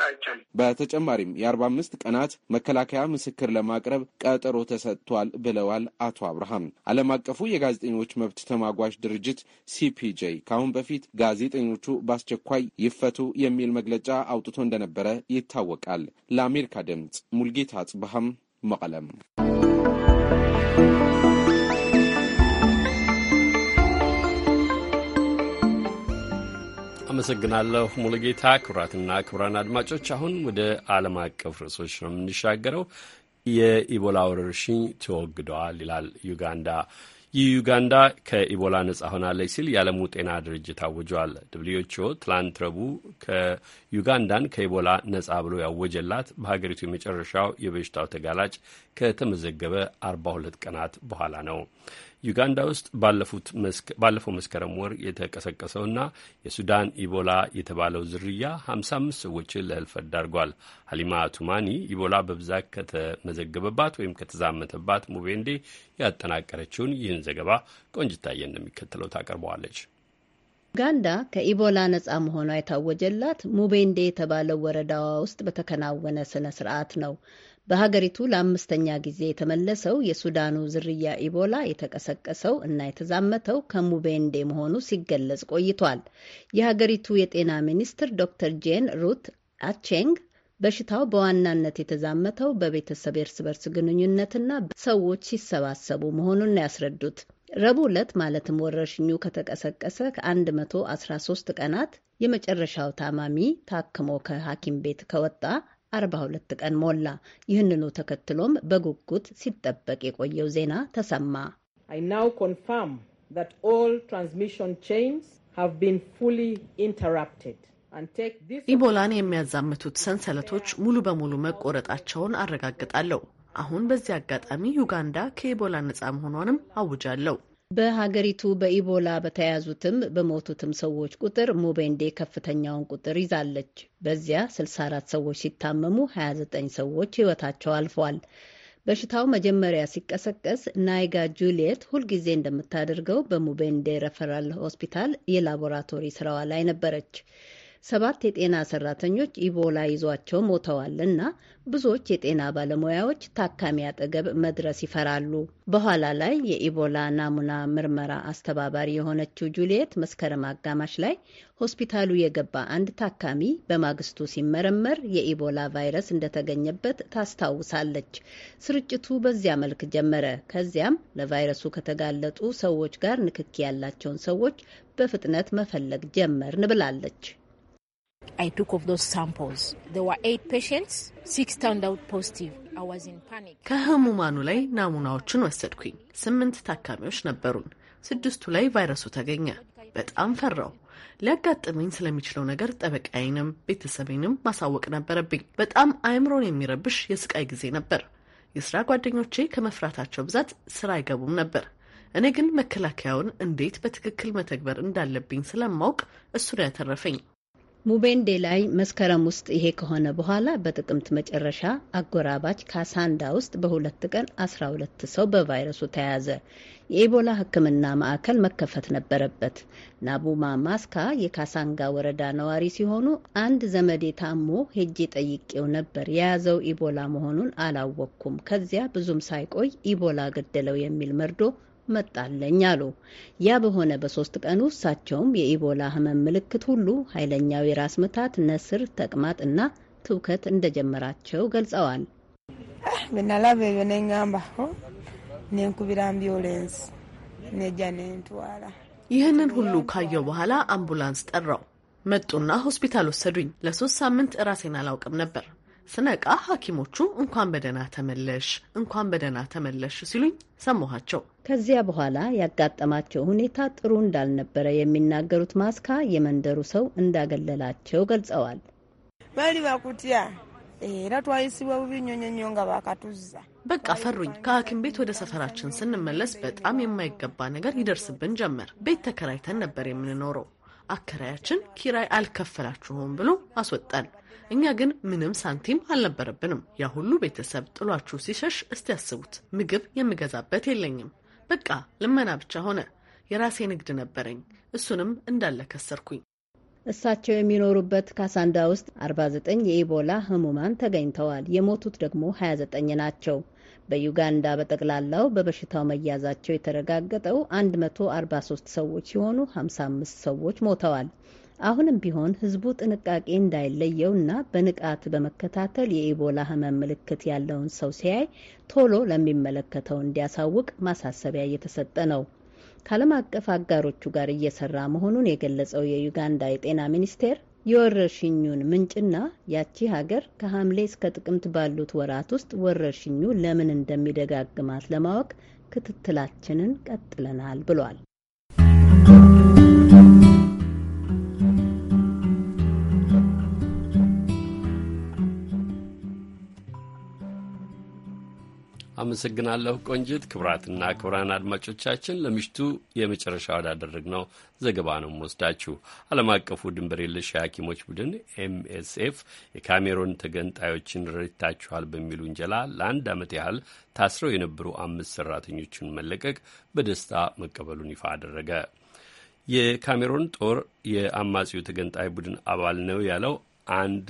S4: አይቻልም።
S9: በተጨማሪም የአርባ አምስት ቀናት መከላከያ ምስክር ለማቅረብ ቀጠሮ ተሰጥቷል ብለዋል አቶ አብርሃም። ዓለም አቀፉ የጋዜጠኞች መብት ተሟጋች ድርጅት ሲፒጄ ከአሁን በፊት ጋዜጠኞቹ በአስቸኳይ ይፈቱ የሚል መግለጫ አውጥቶ እንደነበረ ይታወቃል። ለአሜሪካ ድምፅ ሙልጌታ አጽብሃም መቀለም
S1: አመሰግናለሁ ሙሉጌታ። ክቡራትና ክቡራን አድማጮች አሁን ወደ ዓለም አቀፍ ርዕሶች ነው የምንሻገረው። የኢቦላ ወረርሽኝ ተወግደዋል ይላል ዩጋንዳ። ይህ ዩጋንዳ ከኢቦላ ነጻ ሆናለች ሲል የዓለሙ ጤና ድርጅት አውጇል። ደብልዩኤችኦ ትላንት ረቡዕ ከዩጋንዳን ከኢቦላ ነጻ ብሎ ያወጀላት በሀገሪቱ የመጨረሻው የበሽታው ተጋላጭ ከተመዘገበ 42 ቀናት በኋላ ነው። ዩጋንዳ ውስጥ ባለፈው መስከረም ወር የተቀሰቀሰውና የሱዳን ኢቦላ የተባለው ዝርያ 55 ሰዎችን ለህልፈት ዳርጓል። ሀሊማ ቱማኒ ኢቦላ በብዛት ከተመዘገበባት ወይም ከተዛመተባት ሙቤንዴ ያጠናቀረችውን ይህን ዘገባ ቆንጅታየ እንደሚከተለው ታቀርበዋለች።
S10: ኡጋንዳ ከኢቦላ ነጻ መሆኗ የታወጀላት ሙቤንዴ የተባለው ወረዳዋ ውስጥ በተከናወነ ስነ ስርዓት ነው። በሀገሪቱ ለአምስተኛ ጊዜ የተመለሰው የሱዳኑ ዝርያ ኢቦላ የተቀሰቀሰው እና የተዛመተው ከሙቤንዴ መሆኑ ሲገለጽ ቆይቷል። የሀገሪቱ የጤና ሚኒስትር ዶክተር ጄን ሩት አቼንግ በሽታው በዋናነት የተዛመተው በቤተሰብ እርስ በርስ ግንኙነትና ሰዎች ሲሰባሰቡ መሆኑን ያስረዱት ረቡዕ ዕለት ማለትም ወረርሽኙ ከተቀሰቀሰ ከ113 ቀናት የመጨረሻው ታማሚ ታክሞ ከሐኪም ቤት ከወጣ 42 ቀን ሞላ። ይህንኑ ተከትሎም በጉጉት ሲጠበቅ የቆየው ዜና ተሰማ። I now confirm
S11: that all transmission chains have ኢቦላን የሚያዛምቱት ሰንሰለቶች ሙሉ በሙሉ መቆረጣቸውን አረጋግጣለሁ። አሁን በዚህ አጋጣሚ ዩጋንዳ ከኢቦላ ነጻ መሆኗንም አውጃለሁ።
S10: በሀገሪቱ በኢቦላ በተያዙትም በሞቱትም ሰዎች ቁጥር ሙቤንዴ ከፍተኛውን ቁጥር ይዛለች። በዚያ 64 ሰዎች ሲታመሙ 29 ሰዎች ሕይወታቸው አልፏል። በሽታው መጀመሪያ ሲቀሰቀስ ናይጋ ጁልየት ሁልጊዜ እንደምታደርገው በሙቤንዴ ረፈራል ሆስፒታል የላቦራቶሪ ስራዋ ላይ ነበረች። ሰባት የጤና ሰራተኞች ኢቦላ ይዟቸው ሞተዋል እና ብዙዎች የጤና ባለሙያዎች ታካሚ አጠገብ መድረስ ይፈራሉ። በኋላ ላይ የኢቦላ ናሙና ምርመራ አስተባባሪ የሆነችው ጁልየት መስከረም አጋማሽ ላይ ሆስፒታሉ የገባ አንድ ታካሚ በማግስቱ ሲመረመር የኢቦላ ቫይረስ እንደተገኘበት ታስታውሳለች። ስርጭቱ በዚያ መልክ ጀመረ። ከዚያም ለቫይረሱ ከተጋለጡ ሰዎች ጋር ንክኪ ያላቸውን ሰዎች በፍጥነት መፈለግ ጀመርን ብላለች።
S11: ከህሙማኑ ላይ ናሙናዎችን ወሰድኩኝ። ስምንት ታካሚዎች ነበሩን። ስድስቱ ላይ ቫይረሱ ተገኘ። በጣም ፈራው። ሊያጋጥመኝ ስለሚችለው ነገር ጠበቃዬንም ቤተሰቤንም ማሳወቅ ነበረብኝ። በጣም አእምሮን የሚረብሽ የስቃይ ጊዜ ነበር። የስራ ጓደኞቼ ከመፍራታቸው ብዛት ስራ አይገቡም ነበር። እኔ ግን መከላከያውን እንዴት በትክክል መተግበር እንዳለብኝ ስለማውቅ እሱን ያተረፈኝ።
S10: ሙቤንዴ ላይ መስከረም ውስጥ ይሄ ከሆነ በኋላ በጥቅምት መጨረሻ አጎራባች ካሳንዳ ውስጥ በሁለት ቀን 12 ሰው በቫይረሱ ተያዘ። የኢቦላ ሕክምና ማዕከል መከፈት ነበረበት። ናቡማ ማስካ የካሳንጋ ወረዳ ነዋሪ ሲሆኑ አንድ ዘመዴ ታሞ ሄጄ ጠይቄው ነበር። የያዘው ኢቦላ መሆኑን አላወቅኩም። ከዚያ ብዙም ሳይቆይ ኢቦላ ገደለው የሚል መርዶ መጣለኝ አሉ። ያ በሆነ በሶስት ቀን እሳቸውም የኢቦላ ህመም ምልክት ሁሉ ኃይለኛው የራስ ምታት፣ ነስር፣ ተቅማጥ እና ትውከት እንደጀመራቸው ገልጸዋል።
S11: ይህንን ሁሉ ካየው በኋላ አምቡላንስ ጠራው። መጡና ሆስፒታል ወሰዱኝ። ለሶስት ሳምንት ራሴን አላውቅም ነበር። ስነቃ ሐኪሞቹ እንኳን በደህና ተመለሽ እንኳን በደህና ተመለሽ ሲሉኝ ሰማኋቸው።
S10: ከዚያ በኋላ ያጋጠማቸው ሁኔታ ጥሩ እንዳልነበረ የሚናገሩት ማስካ የመንደሩ ሰው እንዳገለላቸው ገልጸዋል።
S12: eh,
S11: በቃ ፈሩኝ። ከሐኪም ቤት ወደ ሰፈራችን ስንመለስ በጣም የማይገባ ነገር ይደርስብን ጀመር። ቤት ተከራይተን ነበር የምንኖረው። አከራያችን ኪራይ አልከፈላችሁም ብሎ አስወጣን። እኛ ግን ምንም ሳንቲም አልነበረብንም። ያ ሁሉ ቤተሰብ ጥሏችሁ ሲሸሽ እስቲ ያስቡት። ምግብ የምገዛበት የለኝም። በቃ ልመና ብቻ ሆነ። የራሴ ንግድ ነበረኝ፣ እሱንም እንዳለ ከሰርኩኝ።
S10: እሳቸው የሚኖሩበት ካሳንዳ ውስጥ 49 የኢቦላ ህሙማን ተገኝተዋል። የሞቱት ደግሞ 29 ናቸው። በዩጋንዳ በጠቅላላው በበሽታው መያዛቸው የተረጋገጠው 143 ሰዎች ሲሆኑ 55 ሰዎች ሞተዋል። አሁንም ቢሆን ህዝቡ ጥንቃቄ እንዳይለየው እና በንቃት በመከታተል የኢቦላ ህመም ምልክት ያለውን ሰው ሲያይ ቶሎ ለሚመለከተው እንዲያሳውቅ ማሳሰቢያ እየተሰጠ ነው። ከዓለም አቀፍ አጋሮቹ ጋር እየሰራ መሆኑን የገለጸው የዩጋንዳ የጤና ሚኒስቴር የወረርሽኙን ምንጭና ያቺ ሀገር ከሐምሌ እስከ ጥቅምት ባሉት ወራት ውስጥ ወረርሽኙ ለምን እንደሚደጋግማት ለማወቅ ክትትላችንን ቀጥለናል ብሏል።
S1: አመሰግናለሁ ቆንጅት። ክቡራትና ክቡራን አድማጮቻችን ለምሽቱ የመጨረሻ ነው ዘገባ ነው ወስዳችሁ ዓለም አቀፉ ድንበር የለሽ የሐኪሞች ቡድን ኤምኤስኤፍ የካሜሮን ተገንጣዮችን ረድታችኋል በሚል ውንጀላ ለአንድ ዓመት ያህል ታስረው የነበሩ አምስት ሰራተኞችን መለቀቅ በደስታ መቀበሉን ይፋ አደረገ። የካሜሮን ጦር የአማጺው ተገንጣይ ቡድን አባል ነው ያለው አንድ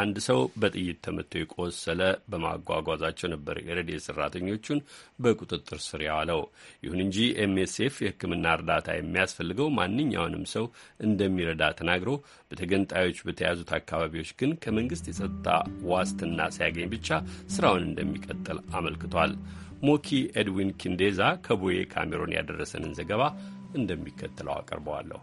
S1: አንድ ሰው በጥይት ተመቶ የቆሰለ በማጓጓዛቸው ነበር የረድኤት ሰራተኞቹን በቁጥጥር ስር ያዋለው። ይሁን እንጂ ኤምኤስኤፍ የሕክምና እርዳታ የሚያስፈልገው ማንኛውንም ሰው እንደሚረዳ ተናግሮ በተገንጣዮች በተያዙት አካባቢዎች ግን ከመንግስት የጸጥታ ዋስትና ሲያገኝ ብቻ ስራውን እንደሚቀጥል አመልክቷል። ሞኪ ኤድዊን ኪንዴዛ ከቦዬ ካሜሮን ያደረሰንን ዘገባ እንደሚከተለው አቀርበዋለሁ።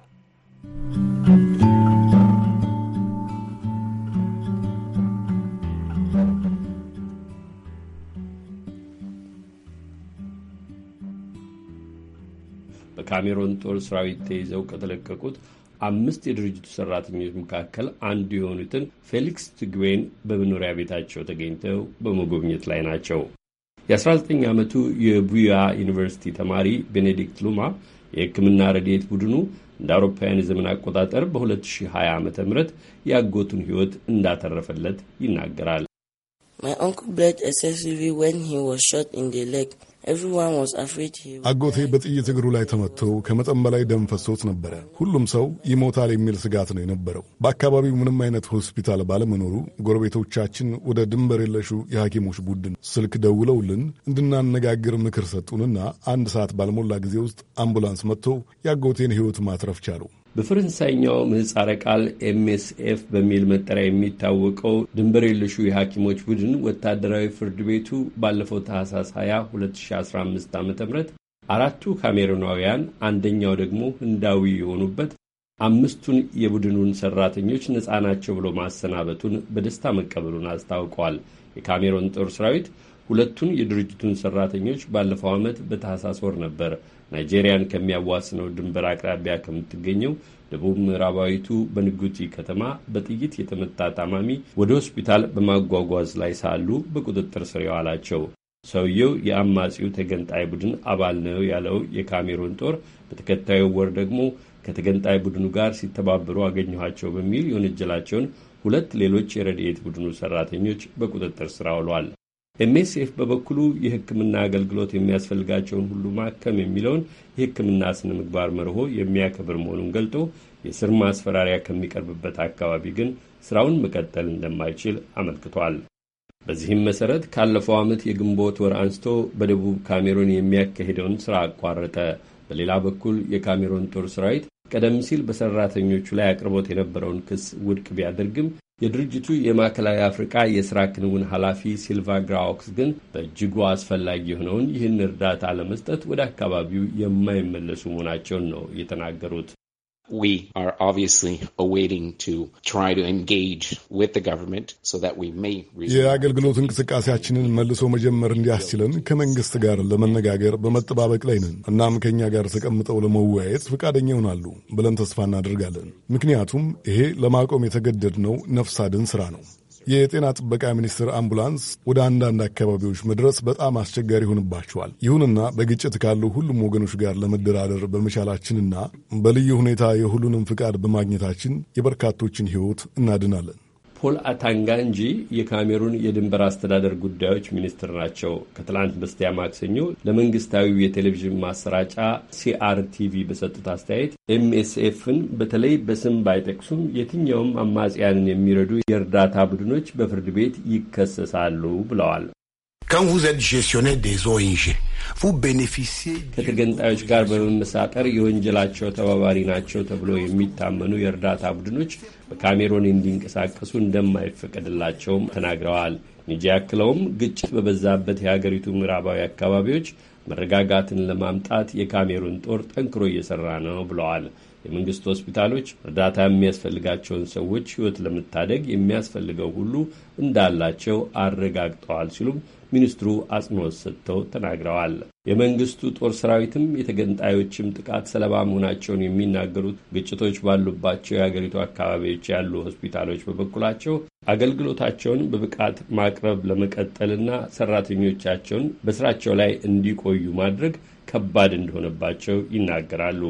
S1: በካሜሮን ጦር ሰራዊት ተይዘው ከተለቀቁት አምስት የድርጅቱ ሰራተኞች መካከል አንዱ የሆኑትን ፌሊክስ ትግዌን በመኖሪያ ቤታቸው ተገኝተው በመጎብኘት ላይ ናቸው። የ19 ዓመቱ የቡያ ዩኒቨርሲቲ ተማሪ ቤኔዲክት ሉማ የሕክምና ረድኤት ቡድኑ እንደ አውሮፓውያን የዘመን አቆጣጠር በ2020 ዓ ም ያጎቱን ሕይወት እንዳተረፈለት ይናገራል።
S13: አጎቴ በጥይት እግሩ ላይ ተመትቶ ከመጠን በላይ ደም ፈሶት ነበረ። ሁሉም ሰው ይሞታል የሚል ስጋት ነው የነበረው። በአካባቢው ምንም አይነት ሆስፒታል ባለመኖሩ ጎረቤቶቻችን ወደ ድንበር የለሹ የሐኪሞች ቡድን ስልክ ደውለውልን እንድናነጋግር ምክር ሰጡንና አንድ ሰዓት ባልሞላ ጊዜ ውስጥ አምቡላንስ መጥቶ የአጎቴን ሕይወት ማትረፍ ቻሉ።
S1: በፈረንሳይኛው ምህፃረ ቃል ኤምኤስኤፍ በሚል መጠሪያ የሚታወቀው ድንበር የለሹ የሐኪሞች ቡድን ወታደራዊ ፍርድ ቤቱ ባለፈው ታህሳስ 20 2015 ዓ ም አራቱ ካሜሩናውያን አንደኛው ደግሞ ህንዳዊ የሆኑበት አምስቱን የቡድኑን ሰራተኞች ነፃ ናቸው ብሎ ማሰናበቱን በደስታ መቀበሉን አስታውቀዋል። የካሜሮን ጦር ሰራዊት ሁለቱን የድርጅቱን ሰራተኞች ባለፈው ዓመት በታህሳስ ወር ነበር ናይጄሪያን ከሚያዋስነው ድንበር አቅራቢያ ከምትገኘው ደቡብ ምዕራባዊቱ በንጉቲ ከተማ በጥይት የተመታ ታማሚ ወደ ሆስፒታል በማጓጓዝ ላይ ሳሉ በቁጥጥር ስር የዋላቸው ሰውየው የአማጺው ተገንጣይ ቡድን አባል ነው ያለው የካሜሩን ጦር በተከታዩ ወር ደግሞ ከተገንጣይ ቡድኑ ጋር ሲተባበሩ አገኘኋቸው በሚል የወነጀላቸውን ሁለት ሌሎች የረድኤት ቡድኑ ሰራተኞች በቁጥጥር ስር አውሏል። ኤምኤስኤፍ በበኩሉ የሕክምና አገልግሎት የሚያስፈልጋቸውን ሁሉ ማከም የሚለውን የሕክምና ስነ ምግባር መርሆ የሚያከብር መሆኑን ገልጦ የስር ማስፈራሪያ ከሚቀርብበት አካባቢ ግን ስራውን መቀጠል እንደማይችል አመልክቷል። በዚህም መሰረት ካለፈው ዓመት የግንቦት ወር አንስቶ በደቡብ ካሜሮን የሚያካሄደውን ስራ አቋረጠ። በሌላ በኩል የካሜሮን ጦር ሰራዊት ቀደም ሲል በሰራተኞቹ ላይ አቅርቦት የነበረውን ክስ ውድቅ ቢያደርግም የድርጅቱ የማዕከላዊ አፍሪቃ የስራ ክንውን ኃላፊ ሲልቫ ግራውክስ ግን በእጅጉ አስፈላጊ የሆነውን ይህን እርዳታ ለመስጠት ወደ አካባቢው የማይመለሱ መሆናቸውን ነው የተናገሩት። We are obviously awaiting to try to engage
S9: with the government so that we may
S13: የአገልግሎት እንቅስቃሴያችንን መልሶ መጀመር እንዲያስችለን ከመንግስት ጋር ለመነጋገር በመጠባበቅ ላይ ነን። እናም ከእኛ ጋር ተቀምጠው ለመወያየት ፈቃደኛ ይሆናሉ ብለን ተስፋ እናደርጋለን። ምክንያቱም ይሄ ለማቆም የተገደድነው ነፍስ አድን ስራ ነው። የጤና ጥበቃ ሚኒስቴር አምቡላንስ ወደ አንዳንድ አካባቢዎች መድረስ በጣም አስቸጋሪ ይሆንባቸዋል። ይሁንና በግጭት ካሉ ሁሉም ወገኖች ጋር ለመደራደር በመቻላችንና በልዩ ሁኔታ የሁሉንም ፍቃድ በማግኘታችን የበርካቶችን ሕይወት እናድናለን።
S1: ፖል አታንጋ እንጂ የካሜሩን የድንበር አስተዳደር ጉዳዮች ሚኒስትር ናቸው። ከትላንት በስቲያ ማክሰኞ ለመንግስታዊው የቴሌቪዥን ማሰራጫ ሲአርቲቪ በሰጡት አስተያየት ኤምኤስኤፍን በተለይ በስም ባይጠቅሱም የትኛውም አማጽያንን የሚረዱ የእርዳታ ቡድኖች በፍርድ ቤት ይከሰሳሉ ብለዋል። Quand vous êtes
S13: gestionnaire des ONG, vous bénéficiez
S1: ከተገንጣዮች ጋር በመመሳጠር የወንጀላቸው ተባባሪ ናቸው ተብሎ የሚታመኑ የእርዳታ ቡድኖች በካሜሮን እንዲንቀሳቀሱ እንደማይፈቀድላቸውም ተናግረዋል። ንጂ ያክለውም ግጭት በበዛበት የሀገሪቱ ምዕራባዊ አካባቢዎች መረጋጋትን ለማምጣት የካሜሩን ጦር ጠንክሮ እየሰራ ነው ብለዋል። የመንግስት ሆስፒታሎች እርዳታ የሚያስፈልጋቸውን ሰዎች ሕይወት ለመታደግ የሚያስፈልገው ሁሉ እንዳላቸው አረጋግጠዋል ሲሉም ሚኒስትሩ አጽንኦት ሰጥተው ተናግረዋል። የመንግስቱ ጦር ሰራዊትም የተገንጣዮችም ጥቃት ሰለባ መሆናቸውን የሚናገሩት ግጭቶች ባሉባቸው የአገሪቱ አካባቢዎች ያሉ ሆስፒታሎች በበኩላቸው አገልግሎታቸውን በብቃት ማቅረብ ለመቀጠልና ሰራተኞቻቸውን በስራቸው ላይ እንዲቆዩ ማድረግ ከባድ እንደሆነባቸው ይናገራሉ።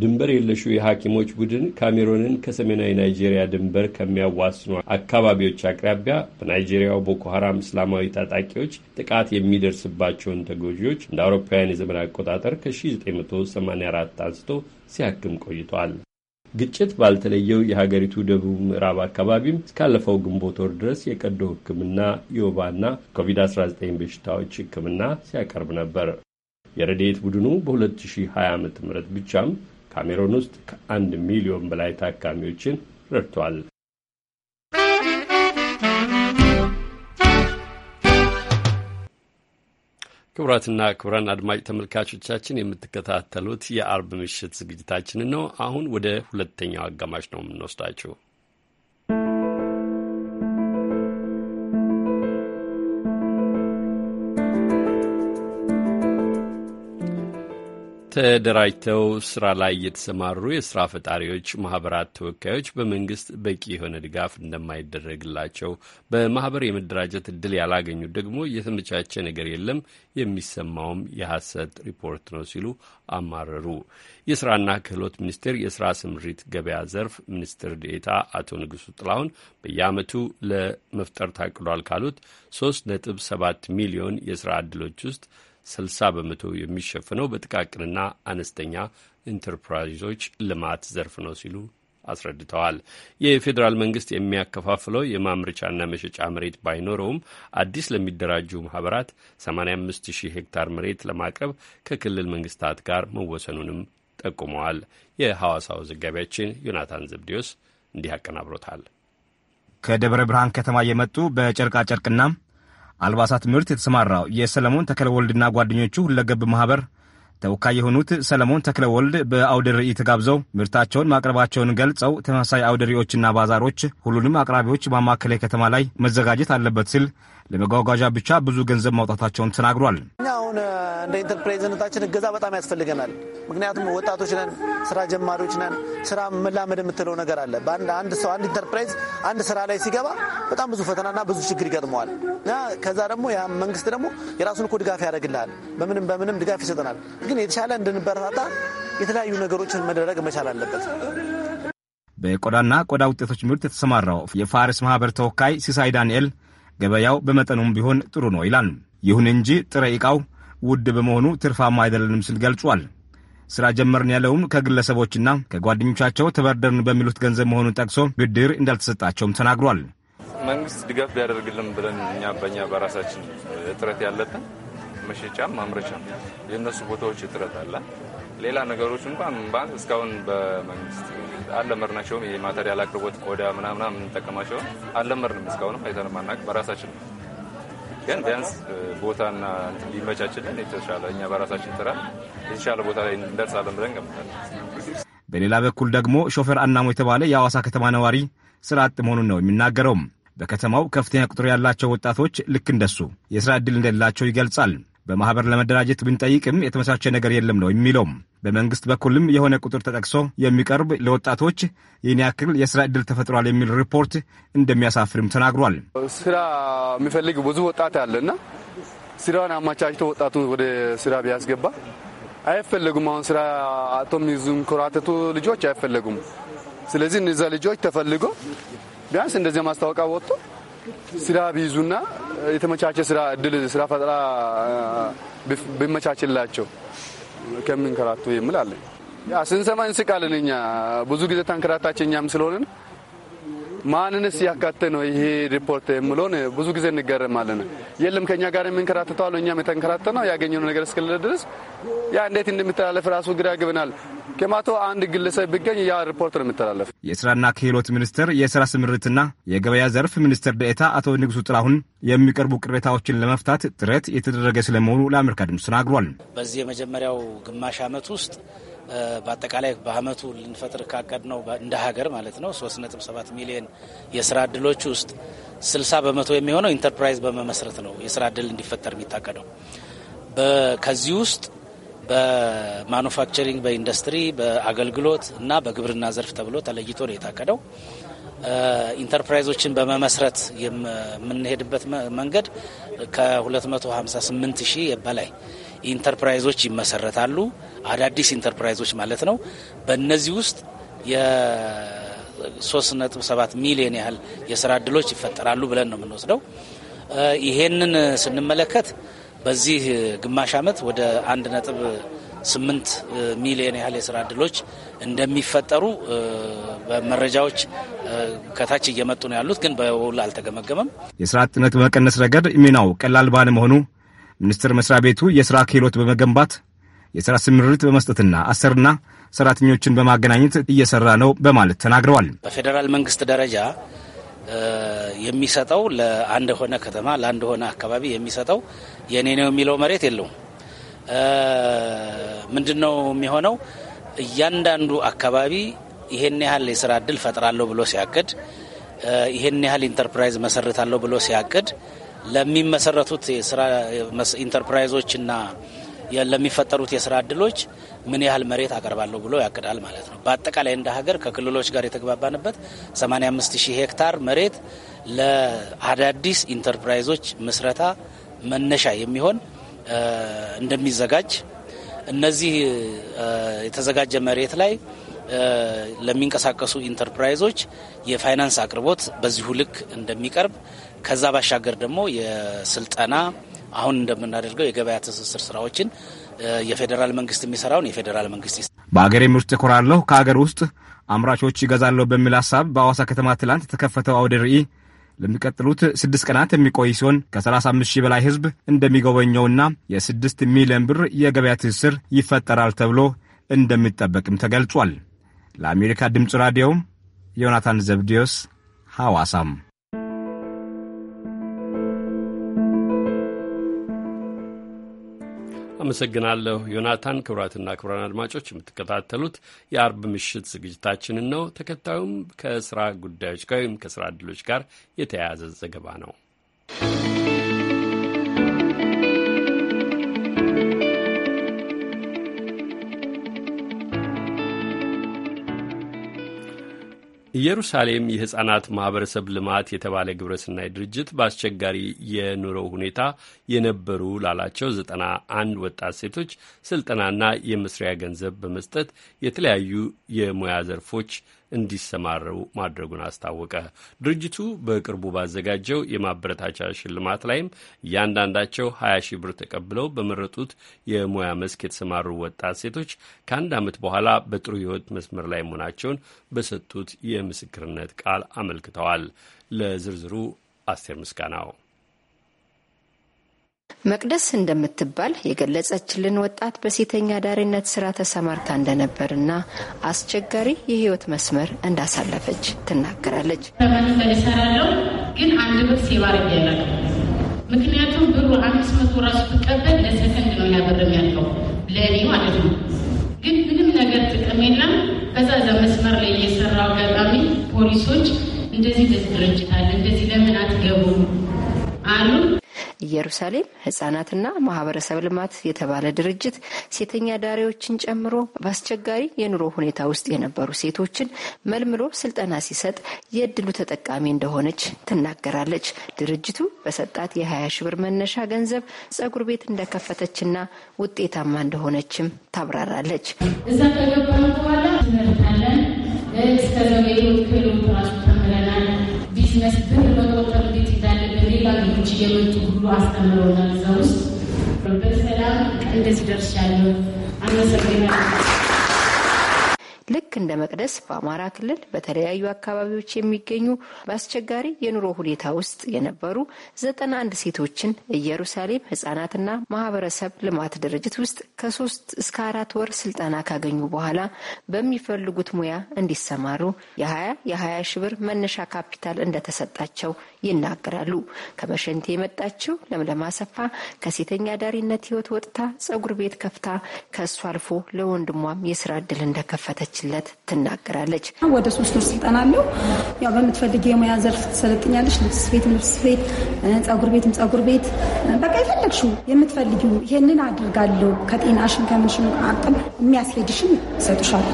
S1: ድንበር የለሹ የሐኪሞች ቡድን ካሜሮንን ከሰሜናዊ ናይጄሪያ ድንበር ከሚያዋስኑ አካባቢዎች አቅራቢያ በናይጄሪያው ቦኮ ሀራም እስላማዊ ታጣቂዎች ጥቃት የሚደርስባቸውን ተጎጂዎች እንደ አውሮፓውያን የዘመን አቆጣጠር ከ1984 አንስቶ ሲያክም ቆይቷል። ግጭት ባልተለየው የሀገሪቱ ደቡብ ምዕራብ አካባቢም እስካለፈው ግንቦት ወር ድረስ የቀዶ ሕክምና የወባና ኮቪድ-19 በሽታዎች ሕክምና ሲያቀርብ ነበር። የረድኤት ቡድኑ በ2020 ም ብቻም ካሜሮን ውስጥ ከአንድ ሚሊዮን በላይ ታካሚዎችን ረድቷል። ክቡራትና ክቡራን አድማጭ ተመልካቾቻችን የምትከታተሉት የአርብ ምሽት ዝግጅታችንን ነው። አሁን ወደ ሁለተኛው አጋማሽ ነው የምንወስዳችሁ። ተደራጅተው ስራ ላይ የተሰማሩ የስራ ፈጣሪዎች ማህበራት ተወካዮች በመንግስት በቂ የሆነ ድጋፍ እንደማይደረግላቸው፣ በማህበር የመደራጀት እድል ያላገኙት ደግሞ የተመቻቸ ነገር የለም፣ የሚሰማውም የሐሰት ሪፖርት ነው ሲሉ አማረሩ። የስራና ክህሎት ሚኒስቴር የስራ ስምሪት ገበያ ዘርፍ ሚኒስትር ዴኤታ አቶ ንጉሱ ጥላሁን በየአመቱ ለመፍጠር ታቅዷል ካሉት 3.7 ሚሊዮን የስራ ዕድሎች ውስጥ 60 በመቶ የሚሸፍነው በጥቃቅንና አነስተኛ ኢንተርፕራይዞች ልማት ዘርፍ ነው ሲሉ አስረድተዋል። የፌዴራል መንግስት የሚያከፋፍለው የማምረቻና መሸጫ መሬት ባይኖረውም አዲስ ለሚደራጁ ማህበራት 85000 ሄክታር መሬት ለማቅረብ ከክልል መንግስታት ጋር መወሰኑንም ጠቁመዋል። የሐዋሳው ዘጋቢያችን ዮናታን ዘብዴዎስ እንዲህ አቀናብሮታል።
S6: ከደብረ ብርሃን ከተማ የመጡ በጨርቃጨርቅና አልባሳት ምርት የተሰማራው የሰለሞን ተክለ ወልድና ጓደኞቹ ሁለገብ ማህበር ተወካይ የሆኑት ሰለሞን ተክለ ወልድ በአውደ ርዕይ ተጋብዘው ምርታቸውን ማቅረባቸውን ገልጸው ተመሳሳይ አውደ ርዕዮችና ባዛሮች ሁሉንም አቅራቢዎች በማዕከላዊ ከተማ ላይ መዘጋጀት አለበት ሲል ለመጓጓዣ ብቻ ብዙ ገንዘብ ማውጣታቸውን ተናግሯል።
S14: እኛ አሁን እንደ ኢንተርፕራይዝነታችን እገዛ በጣም ያስፈልገናል። ምክንያቱም ወጣቶች ነን፣ ስራ ጀማሪዎች ነን። ስራ መላመድ የምትለው ነገር አለ። አንድ ሰው አንድ ኢንተርፕራይዝ አንድ ስራ ላይ ሲገባ በጣም ብዙ ፈተናና ብዙ ችግር ይገጥመዋል። እና ከዛ ደግሞ ያ መንግስት ደግሞ የራሱን እኮ ድጋፍ ያደርግልሃል። በምንም በምንም ድጋፍ ይሰጠናል። ግን የተሻለ እንድንበረታታ የተለያዩ ነገሮችን መደረግ መቻል አለበት።
S6: በቆዳና ቆዳ ውጤቶች ምርት የተሰማራው የፋርስ ማህበር ተወካይ ሲሳይ ዳንኤል ገበያው በመጠኑም ቢሆን ጥሩ ነው ይላል። ይሁን እንጂ ጥሬ ዕቃው ውድ በመሆኑ ትርፋማ አይደለንም ስል ገልጿል። ስራ ጀመርን ያለውም ከግለሰቦችና ከጓደኞቻቸው ተበደርን በሚሉት ገንዘብ መሆኑን ጠቅሶ ብድር እንዳልተሰጣቸውም ተናግሯል።
S7: መንግስት ድጋፍ ቢያደርግልን ብለን እኛ በእኛ በራሳችን እጥረት ያለብን መሸጫም ማምረቻም የእነሱ ቦታዎች እጥረት አለ። ሌላ ነገሮች እንኳን ባንስ እስካሁን በመንግስት አለመርናቸውም የማተሪያል አቅርቦት ቆዳ ምናምና የምንጠቀማቸውን አለመርንም እስካሁንም አይተን ማናቅ በራሳችን ግን ቢያንስ ቦታና ሊመቻችልን የተሻለ እኛ በራሳችን ስራ የተሻለ ቦታ ላይ እንደርሳለን ብለን ገምታለን።
S6: በሌላ በኩል ደግሞ ሾፌር አናሞ የተባለ የአዋሳ ከተማ ነዋሪ ስራ አጥ መሆኑን ነው የሚናገረውም። በከተማው ከፍተኛ ቁጥር ያላቸው ወጣቶች ልክ እንደሱ የስራ ዕድል እንደሌላቸው ይገልጻል። በማህበር ለመደራጀት ብንጠይቅም የተመቻቸ ነገር የለም ነው የሚለውም። በመንግስት በኩልም የሆነ ቁጥር ተጠቅሶ የሚቀርብ ለወጣቶች ይህን ያክል የስራ እድል ተፈጥሯል የሚል ሪፖርት እንደሚያሳፍርም ተናግሯል።
S7: ስራ የሚፈልግ ብዙ ወጣት አለና ስራውን አመቻችቶ ወጣቱ ወደ ስራ ቢያስገባ አይፈለጉም። አሁን ስራ አቶም ይዙም ኮራተቱ ልጆች አይፈለጉም። ስለዚህ እነዚያ ልጆች ተፈልጎ ቢያንስ እንደዚያ ማስታወቂያ ወጥቶ ስራ ቢይዙና የተመቻቸ ስራ እድል ስራ ፈጠራ ቢመቻችላቸው ከሚንከራቱ የምል ስንሰማ እንስቃለን። እኛ ብዙ ጊዜ ተንከራታች እኛም ስለሆንን ማንንስ ያካተ ነው ይሄ ሪፖርት የምለውን ብዙ ጊዜ እንገረማለን። የለም ከእኛ ጋር የምንከራተተዋል እኛም የተንከራተ ነው ያገኘነው ነገር እስክልለ ድረስ ያ እንዴት እንደሚተላለፍ ራሱ ግራ ግብናል። ከማቶ አንድ ግለሰብ ቢገኝ ያ ሪፖርት ነው የሚተላለፍ።
S6: የስራና ክህሎት ሚኒስቴር የስራ ስምሪትና የገበያ ዘርፍ ሚኒስትር ደኤታ አቶ ንጉሱ ጥላሁን የሚቀርቡ ቅሬታዎችን ለመፍታት ጥረት የተደረገ ስለመሆኑ ለአሜሪካ ድምፅ ተናግሯል።
S14: በዚህ የመጀመሪያው ግማሽ ዓመት ውስጥ በአጠቃላይ በአመቱ ልንፈጥር ካቀድ ነው እንደ ሀገር ማለት ነው 3.7 ሚሊዮን የስራ እድሎች ውስጥ 60 በመቶ የሚሆነው ኢንተርፕራይዝ በመመስረት ነው የስራ እድል እንዲፈጠር የሚታቀደው። ከዚህ ውስጥ በማኑፋክቸሪንግ፣ በኢንዱስትሪ፣ በአገልግሎት እና በግብርና ዘርፍ ተብሎ ተለይቶ ነው የታቀደው። ኢንተርፕራይዞችን በመመስረት የምንሄድበት መንገድ ከ258 ሺህ በላይ ኢንተርፕራይዞች ይመሰረታሉ። አዳዲስ ኢንተርፕራይዞች ማለት ነው። በእነዚህ ውስጥ የ ነጥብ ሚሊዮን ያህል የስራ እድሎች ይፈጠራሉ ብለን ነው የምንወስደው። ይሄንን ስንመለከት በዚህ ግማሽ ዓመት ወደ አንድ ነጥብ ስምንት ሚሊዮን ያህል የስራ እድሎች እንደሚፈጠሩ በመረጃዎች ከታች እየመጡ ነው ያሉት፣ ግን በውል አልተገመገመም።
S6: የስራ አጥነት በመቀነስ ረገድ ሚናው ቀላል ባለመሆኑ ሚኒስቴር መስሪያ ቤቱ የሥራ ክህሎት በመገንባት የሥራ ስምሪት በመስጠትና አሰርና ሰራተኞችን በማገናኘት እየሰራ ነው በማለት ተናግረዋል።
S14: በፌዴራል መንግስት ደረጃ የሚሰጠው ለአንድ ሆነ ከተማ ለአንድ ሆነ አካባቢ የሚሰጠው የእኔ ነው የሚለው መሬት የለውም። ምንድን ነው የሚሆነው? እያንዳንዱ አካባቢ ይሄን ያህል የስራ እድል ፈጥራለሁ ብሎ ሲያቅድ፣ ይሄን ያህል ኢንተርፕራይዝ መሰርታለሁ ብሎ ሲያቅድ ለሚመሰረቱት የስራ ኢንተርፕራይዞችና ለሚፈጠሩት የስራ እድሎች ምን ያህል መሬት አቀርባለሁ ብሎ ያቅዳል ማለት ነው። በአጠቃላይ እንደ ሀገር ከክልሎች ጋር የተግባባንበት 85 ሄክታር መሬት ለአዳዲስ ኢንተርፕራይዞች ምስረታ መነሻ የሚሆን እንደሚዘጋጅ እነዚህ የተዘጋጀ መሬት ላይ ለሚንቀሳቀሱ ኢንተርፕራይዞች የፋይናንስ አቅርቦት በዚሁ ልክ እንደሚቀርብ ከዛ ባሻገር ደግሞ የስልጠና አሁን እንደምናደርገው የገበያ ትስስር ስራዎችን የፌዴራል መንግስት የሚሰራውን የፌዴራል መንግስት
S6: በአገሬ ምርት እኮራለሁ ከሀገር ውስጥ አምራቾች ይገዛለሁ በሚል ሀሳብ በአዋሳ ከተማ ትላንት የተከፈተው አውደ ርዕይ ለሚቀጥሉት ስድስት ቀናት የሚቆይ ሲሆን ከ35 ሺህ በላይ ህዝብ እንደሚጎበኘውና የስድስት ሚሊዮን ብር የገበያ ትስስር ይፈጠራል ተብሎ እንደሚጠበቅም ተገልጿል። ለአሜሪካ ድምፅ ራዲዮ ዮናታን ዘብዲዮስ ሐዋሳም
S1: አመሰግናለሁ ዮናታን። ክቡራትና ክቡራን አድማጮች የምትከታተሉት የአርብ ምሽት ዝግጅታችንን ነው። ተከታዩም ከስራ ጉዳዮች ጋር ወይም ከስራ እድሎች ጋር የተያያዘ ዘገባ ነው። ኢየሩሳሌም የሕፃናት ማህበረሰብ ልማት የተባለ ግብረስናይ ድርጅት በአስቸጋሪ የኑሮ ሁኔታ የነበሩ ላላቸው ዘጠና አንድ ወጣት ሴቶች ስልጠናና የመስሪያ ገንዘብ በመስጠት የተለያዩ የሙያ ዘርፎች እንዲሰማሩ ማድረጉን አስታወቀ። ድርጅቱ በቅርቡ ባዘጋጀው የማበረታቻ ሽልማት ላይም እያንዳንዳቸው 20 ሺህ ብር ተቀብለው በመረጡት የሙያ መስክ የተሰማሩ ወጣት ሴቶች ከአንድ ዓመት በኋላ በጥሩ ሕይወት መስመር ላይ መሆናቸውን በሰጡት የምስክርነት ቃል አመልክተዋል። ለዝርዝሩ አስቴር ምስጋናው
S3: መቅደስ እንደምትባል የገለጸችልን ወጣት በሴተኛ ዳሪነት ስራ ተሰማርታ እንደነበርና አስቸጋሪ የህይወት መስመር እንዳሳለፈች ትናገራለች። ሰራለው
S2: ግን አንድ ብር ሴባር እያላል ምክንያቱም ብሩ አምስት መቶ ራሱ ትቀበል ለሰከንድ ነው ያበረም ያለው ለእኔ ማለት ነው። ግን ምንም ነገር ጥቅም የለም። በዛ ዛ መስመር ላይ እየሰራው አጋጣሚ ፖሊሶች እንደዚህ ደስ ድርጅት እንደዚህ ለምን አትገቡ
S3: አሉ። ኢየሩሳሌም ህጻናትና ማህበረሰብ ልማት የተባለ ድርጅት ሴተኛ ዳሪዎችን ጨምሮ በአስቸጋሪ የኑሮ ሁኔታ ውስጥ የነበሩ ሴቶችን መልምሎ ስልጠና ሲሰጥ የእድሉ ተጠቃሚ እንደሆነች ትናገራለች። ድርጅቱ በሰጣት የ20 ሺ ብር መነሻ ገንዘብ ጸጉር ቤት እንደከፈተችና ውጤታማ እንደሆነችም ታብራራለች።
S15: እዛ በኋላ
S2: ትምህርታለን ክሉ ራሱ ተምረናል ቢዝነስ ብር ልጆች እየመጡ ሁሉ አስተምረውናል። እዛ ውስጥ በሰላም እንደዚህ ደርሻለሁ። አመሰግናለሁ።
S3: ልክ እንደ መቅደስ በአማራ ክልል በተለያዩ አካባቢዎች የሚገኙ በአስቸጋሪ የኑሮ ሁኔታ ውስጥ የነበሩ ዘጠና አንድ ሴቶችን ኢየሩሳሌም ህጻናትና ማህበረሰብ ልማት ድርጅት ውስጥ ከሶስት እስከ አራት ወር ስልጠና ካገኙ በኋላ በሚፈልጉት ሙያ እንዲሰማሩ የሀያ የሀያ ሺህ ብር መነሻ ካፒታል እንደተሰጣቸው ይናገራሉ። ከመሸንቴ የመጣችው ለምለም አሰፋ ከሴተኛ አዳሪነት ህይወት ወጥታ ጸጉር ቤት ከፍታ ከእሱ አልፎ ለወንድሟም የስራ እድል እንደከፈተችለት ትናገራለች። ወደ ሶስት ወር ስልጠና አለው።
S12: ያው በምትፈልግ የሙያ ዘርፍ ትሰለጥኛለች። ልብስ ቤትም ልብስ ቤት፣ ጸጉር ቤትም ጸጉር ቤት፣ በቃ የፈለግሽው የምትፈልጊው ይህንን አድርጋለሁ ከጤናሽን ከምንሽን አቅም የሚያስሄድሽን ይሰጡሻል።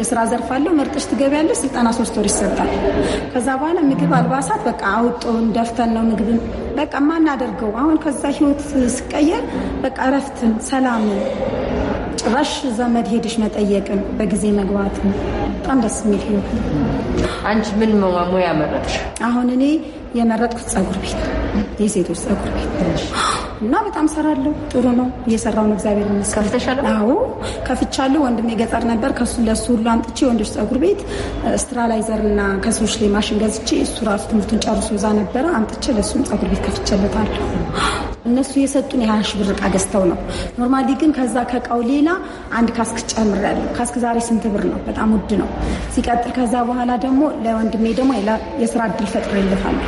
S12: የስራ ዘርፍ አለው። መርጠሽ ትገቢያለሽ። ስልጠና ሶስት ወር ይሰጣል። ከዛ በኋላ ምግብ፣ አልባሳት በቃ አውጡ ጦን ደፍተን ነው ምግብን በቃ የማናደርገው። አሁን ከዛ ህይወት ስቀየር በቃ እረፍትን፣ ሰላምን፣ ጭራሽ ዘመድ ሄድሽ መጠየቅን፣ በጊዜ መግባትን በጣም ደስ የሚል ህይወት
S3: አንቺ ምን ሙያ መረጥሽ? አሁን
S12: እኔ የመረጥኩት ጸጉር ቤት የሴቶች ጸጉር ቤት እና በጣም ሰራለሁ። ጥሩ ነው እየሰራው ነው። እግዚአብሔር ይመስገን። አዎ ከፍቻለሁ። ወንድሜ ገጠር ነበር። ከሱ ለሱ ሁሉ አምጥቼ የወንዶች ጸጉር ቤት ስትራላይዘር እና ከሰዎች ላይ ማሽን ገዝቼ እሱ ራሱ ትምህርቱን ጨርሶ እዛ ነበረ አምጥቼ ለሱም ጸጉር ቤት ከፍቼለታለሁ። እነሱ የሰጡን የሀያ ብር እቃ ገዝተው ነው። ኖርማሊ ግን ከዛ ከእቃው ሌላ አንድ ካስክ ጨምሬያለሁ። ካስክ ዛሬ ስንት ብር ነው?
S3: በጣም ውድ ነው። ሲቀጥል ከዛ በኋላ ደግሞ ለወንድሜ ደግሞ የስራ እድል ይልፋል።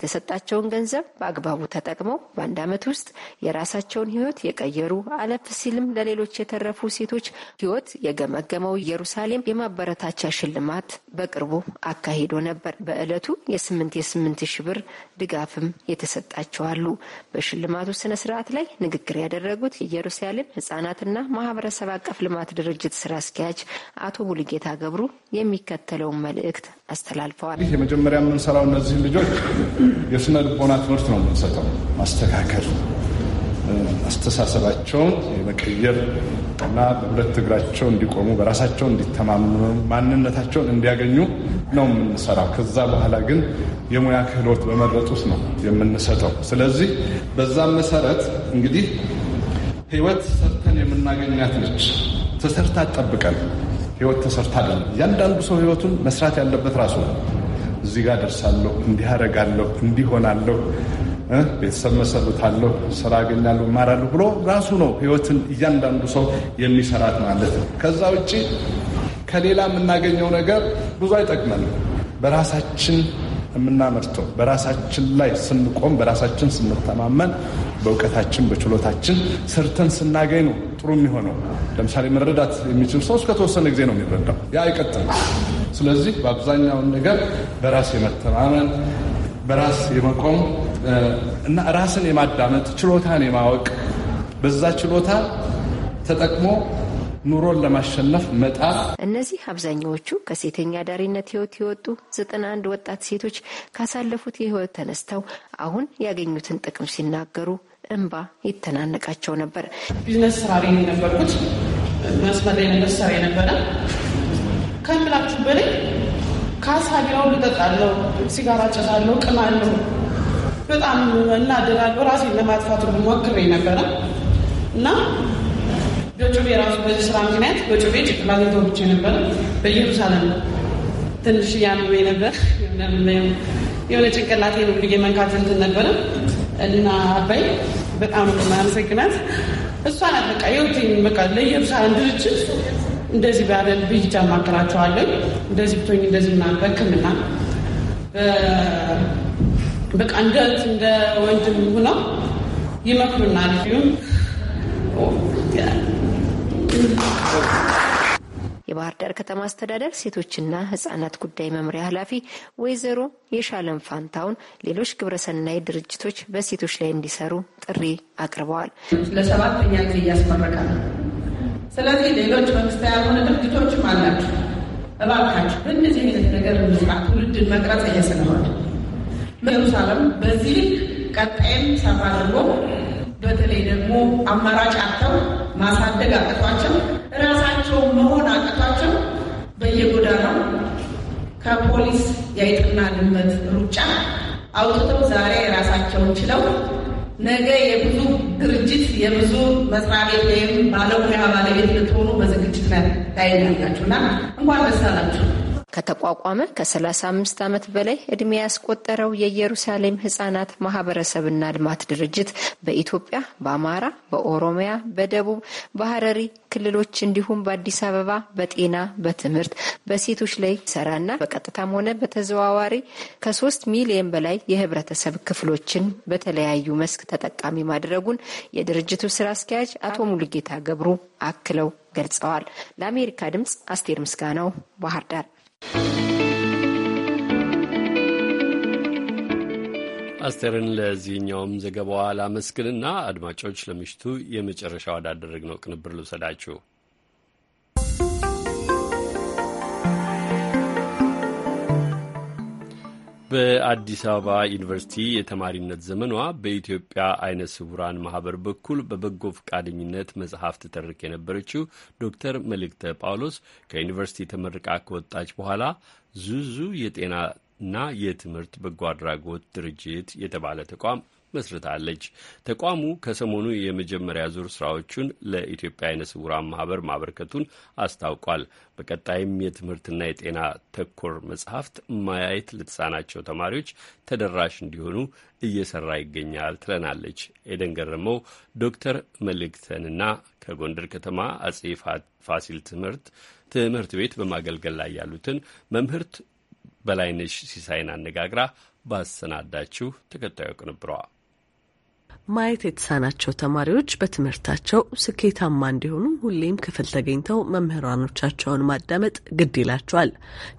S3: የተሰጣቸውን ገንዘብ በአግባቡ ተጠቅመው በአንድ አመት ውስጥ የራሳቸውን ህይወት የቀየሩ አለፍ ሲልም ለሌሎች የተረፉ ሴቶች ህይወት የገመገመው ኢየሩሳሌም የማበረታቻ ሽልማት በቅርቡ አካሂዶ ነበር። በእለቱ የስምንት የስምንት ሽብር ብር ድጋፍም የተሰጣቸው አሉ። በሽልማቱ በምርቃቱ ስነ ስርዓት ላይ ንግግር ያደረጉት የኢየሩሳሌም ህጻናትና ማህበረሰብ አቀፍ ልማት ድርጅት ስራ አስኪያጅ አቶ ቡልጌታ ገብሩ የሚከተለውን መልእክት አስተላልፈዋል።
S8: ይህ የመጀመሪያ የምንሰራው እነዚህን ልጆች የስነ ልቦና ትምህርት ነው የምንሰጠው ማስተካከል አስተሳሰባቸውን የመቀየር እና በሁለት እግራቸው እንዲቆሙ በራሳቸው እንዲተማመኑ ማንነታቸውን እንዲያገኙ ነው የምንሰራው። ከዛ በኋላ ግን የሙያ ክህሎት በመረጡት ነው የምንሰጠው። ስለዚህ በዛም መሰረት እንግዲህ ህይወት ሰርተን የምናገኛት ነች። ተሰርታ ጠብቀን ህይወት ተሰርታ አይደለም። እያንዳንዱ ሰው ህይወቱን መስራት ያለበት ራሱ ነው። እዚህ ጋር ደርሳለሁ፣ እንዲህ አደርጋለሁ፣ እንዲሆናለሁ ቤተሰብ መሰርታለሁ፣ ስራ አገኛለሁ፣ እማራለሁ ብሎ ራሱ ነው ህይወትን እያንዳንዱ ሰው የሚሰራት ማለት ነው። ከዛ ውጭ ከሌላ የምናገኘው ነገር ብዙ አይጠቅመንም። በራሳችን የምናመርተው በራሳችን ላይ ስንቆም፣ በራሳችን ስንተማመን፣ በእውቀታችን በችሎታችን ሰርተን ስናገኝ ነው ጥሩ የሚሆነው። ለምሳሌ መረዳት የሚችል ሰው እስከ ተወሰነ ጊዜ ነው የሚረዳው፣ ያ አይቀጥም። ስለዚህ በአብዛኛውን ነገር በራስ የመተማመን በራስ የመቆም እና ራስን የማዳመጥ ችሎታን የማወቅ በዛ ችሎታ ተጠቅሞ ኑሮን ለማሸነፍ መጣ።
S3: እነዚህ አብዛኛዎቹ ከሴተኛ አዳሪነት ህይወት የወጡ ዘጠና አንድ ወጣት ሴቶች ካሳለፉት የህይወት ተነስተው አሁን ያገኙትን ጥቅም ሲናገሩ እንባ ይተናነቃቸው
S14: ነበር። ቢዝነስ ስራ ላይ የነበርኩት መስመር ላይ ነበር ስራ የነበረ ከምላችሁ በላይ ካሳ ቢራውን ልጠጣለሁ፣ ሲጋራ ጨሳለሁ፣ ቅማለሁ በጣም እናደናለሁ። ራሴን ለማጥፋት ሞክሬ ነበረ እና በጩቤ ራሱ በዚህ ስራ ምክንያት በጩቤ ጭቅላት የተወግቼ ነበረ።
S8: በኢየሩሳሌም
S14: ትንሽ እያመመኝ ነበር። የሆነ ጭንቅላቴ ነው ብዬ መንካት እንትን ነበረ እና አባይ በጣም ማመሰግናት እሷ ናት በቃ የውቴኝ በቃ ለኢየሩሳሌም ድርጅት እንደዚህ ባለን ብይጃ ማከራቸዋለን እንደዚህ ብቶኝ እንደዚህ ምናምን በሕክምና በቃ እንደ እንደ ወንድም ሆነው ይመክሩናል። ይሁን
S3: የባህር ዳር ከተማ አስተዳደር ሴቶችና ህጻናት ጉዳይ መምሪያ ኃላፊ ወይዘሮ የሻለም ፋንታውን ሌሎች ግብረሰናይ ድርጅቶች በሴቶች ላይ እንዲሰሩ ጥሪ አቅርበዋል። ለሰባተኛ
S12: ጊዜ እያስመረቀ
S14: ነው። ስለዚህ ሌሎች መንግስታዊ ያልሆነ ድርጅቶችም አላችሁ። እባካችሁ በእነዚህ አይነት ነገር ትውልድን መቅረጽ እየስለሆነ ኢየሩሳሌም በዚህ ልክ ቀጣይም ሰፋ አድርጎ በተለይ ደግሞ አማራጭ አጥተው ማሳደግ አቅቷቸው ራሳቸው መሆን አቅቷቸው በየጎዳናው ከፖሊስ የአይጥና ድመት ሩጫ አውጥተው ዛሬ ራሳቸውን ችለው ነገ የብዙ ድርጅት የብዙ መስሪያ ቤት ወይም ባለሙያ ባለቤት ልትሆኑ በዝግጅት ላይ ያላችሁ እና
S3: እንኳን ደስ አላችሁ። ከተቋቋመ ከ35 ዓመት በላይ እድሜ ያስቆጠረው የኢየሩሳሌም ህጻናት ማህበረሰብና ልማት ድርጅት በኢትዮጵያ በአማራ፣ በኦሮሚያ፣ በደቡብ፣ በሀረሪ ክልሎች እንዲሁም በአዲስ አበባ በጤና፣ በትምህርት፣ በሴቶች ላይ ሰራና በቀጥታም ሆነ በተዘዋዋሪ ከሶስት ሚሊዮን በላይ የህብረተሰብ ክፍሎችን በተለያዩ መስክ ተጠቃሚ ማድረጉን የድርጅቱ ስራ አስኪያጅ አቶ ሙሉጌታ ገብሩ አክለው ገልጸዋል። ለአሜሪካ ድምጽ አስቴር ምስጋናው ባህር ዳር።
S1: አስቴርን ለዚህኛውም ዘገባዋ ላመስግንና አድማጮች ለምሽቱ የመጨረሻ ነው ቅንብር ልውሰዳችሁ። በአዲስ አበባ ዩኒቨርሲቲ የተማሪነት ዘመኗ በኢትዮጵያ አይነ ስውራን ማህበር በኩል በበጎ ፈቃደኝነት መጽሐፍ ትተርክ የነበረችው ዶክተር መልእክተ ጳውሎስ ከዩኒቨርሲቲ ተመርቃ ከወጣች በኋላ ዙዙ ና የትምህርት በጎ አድራጎት ድርጅት የተባለ ተቋም መስርታለች። ተቋሙ ከሰሞኑ የመጀመሪያ ዙር ስራዎቹን ለኢትዮጵያ አይነ ስውራን ማህበር ማበርከቱን አስታውቋል። በቀጣይም የትምህርትና የጤና ተኮር መጽሐፍት ማያየት ለተሳናቸው ተማሪዎች ተደራሽ እንዲሆኑ እየሰራ ይገኛል ትለናለች ኤደን ገረመው ዶክተር መልእክተንና ከጎንደር ከተማ አጼ ፋሲል ትምህርት ትምህርት ቤት በማገልገል ላይ ያሉትን መምህርት በላይነሽ ሲሳይን አነጋግራ ባሰናዳችሁ ተከታዩ ቅንብረዋል።
S11: ማየት የተሳናቸው ተማሪዎች በትምህርታቸው ስኬታማ እንዲሆኑ ሁሌም ክፍል ተገኝተው መምህራኖቻቸውን ማዳመጥ ግድ ይላቸዋል።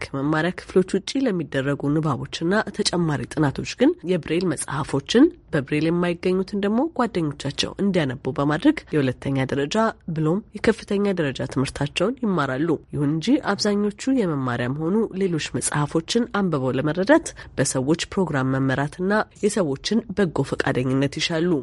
S11: ከመማሪያ ክፍሎች ውጭ ለሚደረጉ ንባቦችና ተጨማሪ ጥናቶች ግን የብሬል መጽሐፎችን በብሬል የማይገኙትን ደግሞ ጓደኞቻቸው እንዲያነቡ በማድረግ የሁለተኛ ደረጃ ብሎም የከፍተኛ ደረጃ ትምህርታቸውን ይማራሉ። ይሁን እንጂ አብዛኞቹ የመማሪያም ሆኑ ሌሎች መጽሐፎችን አንብበው ለመረዳት በሰዎች ፕሮግራም መመራትና የሰዎችን በጎ ፈቃደኝነት ይሻሉ።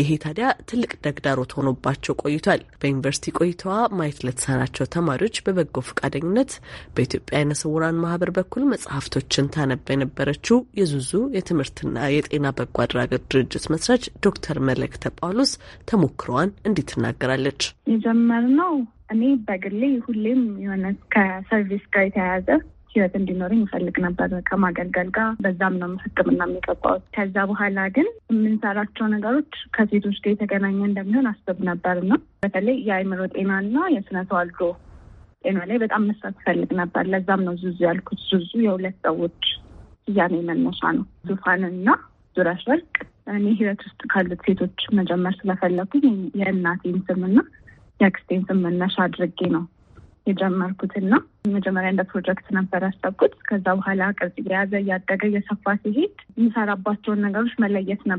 S11: ይሄ ታዲያ ትልቅ ተግዳሮት ሆኖባቸው ቆይቷል። በዩኒቨርሲቲ ቆይታዋ ማየት ለተሳናቸው ተማሪዎች በበጎ ፈቃደኝነት በኢትዮጵያ አይነ ስውራን ማህበር በኩል መጽሐፍቶችን ታነባ የነበረችው የዙዙ የትምህርትና የጤና በጎ አድራጎት ድርጅት መስራች ዶክተር መለክተ ጳውሎስ ተሞክሮዋን እንዲህ ትናገራለች።
S15: የጀመርነው እኔ በግሌ ሁሌም የሆነ ከሰርቪስ ጋር የተያያዘ ህይወት እንዲኖረኝ ይፈልግ ነበር ከማገልገል ጋር። በዛም ነው ህክምና የሚገባው። ከዛ በኋላ ግን የምንሰራቸው ነገሮች ከሴቶች ጋር የተገናኘ እንደሚሆን አስብ ነበር እና በተለይ የአእምሮ ጤናና የስነ ተዋልዶ ጤና ላይ በጣም መስራት ይፈልግ ነበር። ለዛም ነው ዙዙ ያልኩት። ዙዙ የሁለት ሰዎች ስያሜ መነሻ ነው። ዙፋንና ዙረሽ ወርቅ እኔ ህይወት ውስጥ ካሉት ሴቶች መጀመር ስለፈለኩኝ የእናቴን ስምና የአክስቴን ስም መነሻ አድርጌ ነው የጀመርኩትና መጀመሪያ እንደ ፕሮጀክት ነበር ያሰብኩት። ከዛ በኋላ ቅርጽ እየያዘ እያደገ እየሰፋ ሲሄድ የምሰራባቸውን ነገሮች መለየት ነው።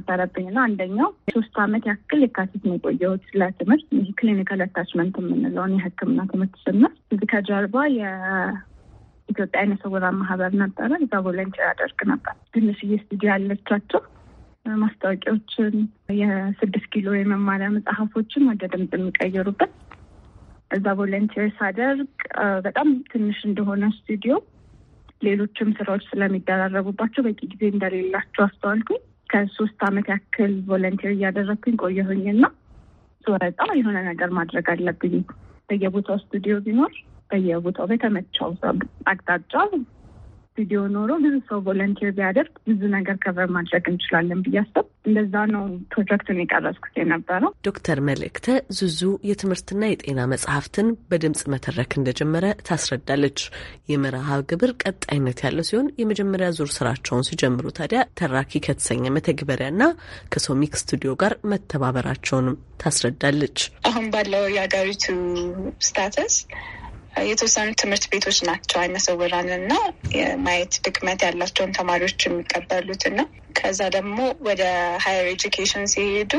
S15: አንደኛው ሶስት ዓመት ያክል የካቲት ነው የቆየሁት ለትምህርት ይህ ክሊኒካል አታችመንት የምንለውን የህክምና ትምህርት ስምር እዚህ ከጀርባ የኢትዮጵያ አይነ ስውራን ማህበር ነበረ። እዛ ቮለንቲር ያደርግ ነበር። ትንሽዬ ስቱዲዮ ያለቻቸው ማስታወቂያዎችን፣ የስድስት ኪሎ የመማሪያ መጽሐፎችን ወደ ድምፅ የሚቀይሩበት እዛ ቮለንቲር ሳደርግ በጣም ትንሽ እንደሆነ ስቱዲዮ ሌሎችም ስራዎች ስለሚደራረቡባቸው በቂ ጊዜ እንደሌላቸው አስተዋልኩኝ። ከሶስት አመት ያክል ቮለንቲር እያደረግኩኝ ቆየሁኝና ስወጣ የሆነ ነገር ማድረግ አለብኝ። በየቦታው ስቱዲዮ ቢኖር በየቦታው በተመቻው አቅጣጫ ቪዲዮ ኖሮ ብዙ ሰው ቮለንቲር ቢያደርግ ብዙ ነገር ከበር ማድረግ እንችላለን ብያስብ እንደዛ ነው ፕሮጀክትን የቀረጽኩት
S11: የነበረው። ዶክተር መልእክተ ዙዙ የትምህርትና የጤና መጽሐፍትን በድምፅ መተረክ እንደጀመረ ታስረዳለች። የመርሃ ግብር ቀጣይነት ያለው ሲሆን የመጀመሪያ ዙር ስራቸውን ሲጀምሩ ታዲያ ተራኪ ከተሰኘ መተግበሪያና ከሶሚክ ስቱዲዮ ጋር መተባበራቸውንም ታስረዳለች።
S12: አሁን ባለው የሀገሪቱ ስታተስ የተወሰኑ ትምህርት ቤቶች ናቸው አይነ ስውራንና የማየት ድክመት ያላቸውን ተማሪዎች የሚቀበሉት የሚቀበሉትና ከዛ ደግሞ ወደ ሀየር ኤጁኬሽን ሲሄዱ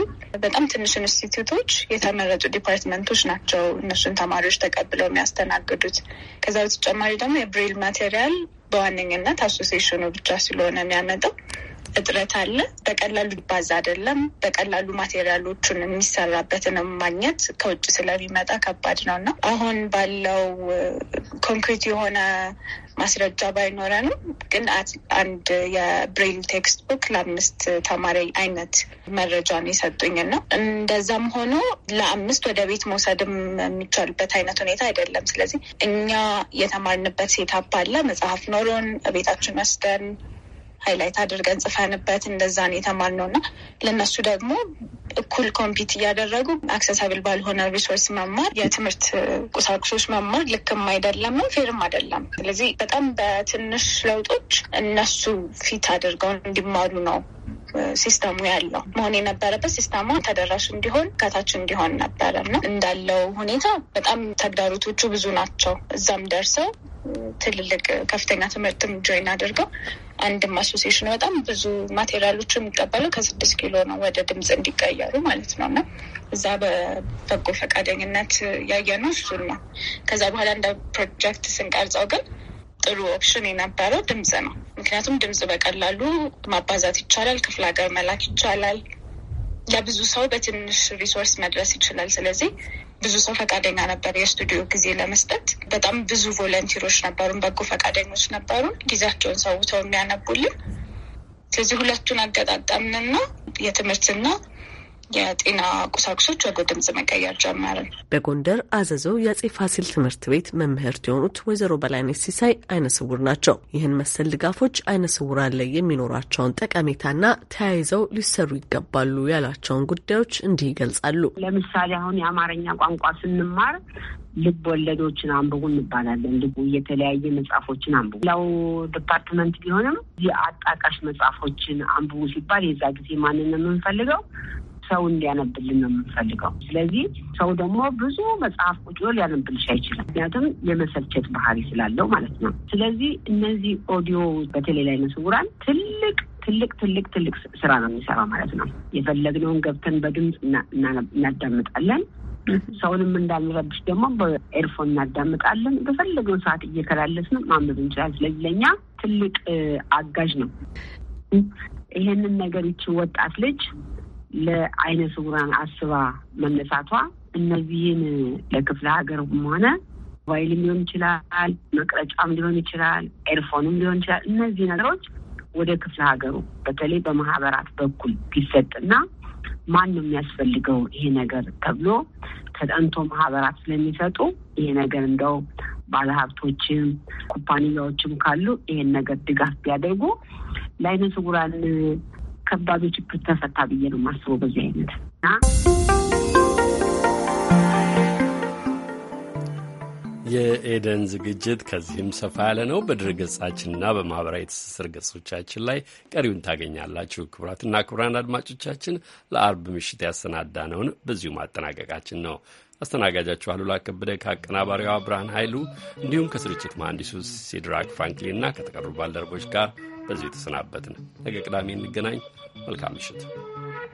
S12: በጣም ትንሽ ኢንስቲትዩቶች የተመረጡ ዲፓርትመንቶች ናቸው እነሱን ተማሪዎች ተቀብለው የሚያስተናግዱት። ከዛ በተጨማሪ ደግሞ የብሬል ማቴሪያል በዋነኝነት አሶሲሽኑ ብቻ ስለሆነ የሚያመጣው እጥረት አለ። በቀላሉ ባዝ አይደለም። በቀላሉ ማቴሪያሎቹን የሚሰራበትንም ማግኘት ከውጭ ስለሚመጣ ከባድ ነው እና አሁን ባለው ኮንክሪት የሆነ ማስረጃ ባይኖረንም ግን አንድ የብሬል ቴክስት ቡክ ለአምስት ተማሪ አይነት መረጃ ነው የሰጡኝ ነው። እንደዛም ሆኖ ለአምስት ወደ ቤት መውሰድም የሚቻልበት አይነት ሁኔታ አይደለም። ስለዚህ እኛ የተማርንበት ሴታፕ አለ መጽሐፍ ኖሮን ቤታችን ወስደን ሀይላይት አድርገን ጽፈንበት እንደዛን የተማርነው እና ለእነሱ ደግሞ እኩል ኮምፒት እያደረጉ አክሰሳብል ባልሆነ ሪሶርስ መማር የትምህርት ቁሳቁሶች መማር ልክም አይደለም፣ ፌርም አይደለም። ስለዚህ በጣም በትንሽ ለውጦች እነሱ ፊት አድርገው እንዲማሩ ነው ሲስተሙ ያለው መሆን የነበረበት ሲስተሙ ተደራሽ እንዲሆን ከታች እንዲሆን ነበረ እና እንዳለው ሁኔታ በጣም ተግዳሮቶቹ ብዙ ናቸው። እዛም ደርሰው ትልልቅ ከፍተኛ ትምህርትም ጆይን አድርገው አንድም አሶሴሽን በጣም ብዙ ማቴሪያሎቹ የሚቀበለው ከስድስት ኪሎ ነው ወደ ድምፅ እንዲቀየሩ ማለት ነው። እና እዛ በበጎ ፈቃደኝነት ያየነው እሱን ነው። ከዛ በኋላ እንደ ፕሮጀክት ስንቀርጸው ግን ጥሩ ኦፕሽን የነበረው ድምፅ ነው። ምክንያቱም ድምፅ በቀላሉ ማባዛት ይቻላል፣ ክፍለ ሀገር መላክ ይቻላል፣ ለብዙ ሰው በትንሽ ሪሶርስ መድረስ ይችላል። ስለዚህ ብዙ ሰው ፈቃደኛ ነበር የስቱዲዮ ጊዜ ለመስጠት። በጣም ብዙ ቮለንቲሮች ነበሩን፣ በጎ ፈቃደኞች ነበሩን ጊዜያቸውን ሰውተው የሚያነቡልን። ስለዚህ ሁለቱን አገጣጠምንና የትምህርትና የጤና ቁሳቁሶች ወደ ድምጽ መቀየር ጀመርን።
S11: በጎንደር አዘዞ የአጼ ፋሲል ትምህርት ቤት መምህርት የሆኑት ወይዘሮ በላይነት ሲሳይ አይነስውር ናቸው። ይህን መሰል ድጋፎች አይነስውራን ላይ የሚኖራቸውን ጠቀሜታና ተያይዘው ሊሰሩ ይገባሉ ያላቸውን ጉዳዮች እንዲህ ይገልጻሉ። ለምሳሌ አሁን የአማርኛ ቋንቋ ስንማር ልብ ወለዶችን አንብቡ እንባላለን። ልቡ የተለያየ
S16: መጽሐፎችን አንብቡ ላው ዲፓርትመንት ቢሆንም የአጣቃሽ መጽሐፎችን አንብቡ ሲባል የዛ ጊዜ ማንን የምንፈልገው? ሰው እንዲያነብልን ነው የምንፈልገው። ስለዚህ ሰው ደግሞ ብዙ መጽሐፍ ቁጭ ብሎ ሊያነብልሽ አይችልም። ምክንያቱም የመሰልቸት ባህሪ ስላለው ማለት ነው። ስለዚህ እነዚህ ኦዲዮ በተለይ ላይ ስውራን ትልቅ ትልቅ ትልቅ ትልቅ ስራ ነው የሚሰራ ማለት ነው። የፈለግነውን ገብተን በድምፅ እናዳምጣለን። ሰውንም እንዳንረብሽ ደግሞ በኤርፎን እናዳምጣለን። በፈለገው ሰዓት እየከላለስን ማንበብ እንችላለን። ስለዚህ ለእኛ ትልቅ አጋዥ ነው። ይሄንን ነገር ይቺ ወጣት ልጅ ለአይነ ስውራን አስባ መነሳቷ እነዚህን ለክፍለ ሀገርም ሆነ ሞባይልም ሊሆን ይችላል፣ መቅረጫም ሊሆን ይችላል፣ ኤርፎንም ሊሆን ይችላል። እነዚህ ነገሮች ወደ ክፍለ ሀገሩ በተለይ በማህበራት በኩል ቢሰጥና ማን ነው የሚያስፈልገው ይሄ ነገር ተብሎ ተጠንቶ ማህበራት ስለሚሰጡ ይሄ ነገር እንደው ባለሀብቶችም ኩባንያዎችም ካሉ ይሄን ነገር ድጋፍ ቢያደርጉ ለአይነ ስውራን ከባዱ ችግር ተፈታ ብዬ ነው የማስበው። በዚህ አይነት
S1: የኤደን ዝግጅት ከዚህም ሰፋ ያለ ነው። በድረ ገጻችንና በማህበራዊ ትስስር ገጾቻችን ላይ ቀሪውን ታገኛላችሁ። ክቡራትና ክቡራን አድማጮቻችን ለአርብ ምሽት ያሰናዳነውን በዚሁ ማጠናቀቃችን ነው። አስተናጋጃችሁ አሉላ ከበደ ከአቀናባሪዋ ብርሃን ኃይሉ እንዲሁም ከስርጭት መሐንዲሱ ሲድራክ ፍራንክሊንና ከተቀሩ ባልደረቦች ጋር በዚሁ የተሰናበትን። ነገ ቅዳሜ እንገናኝ። መልካም ምሽት።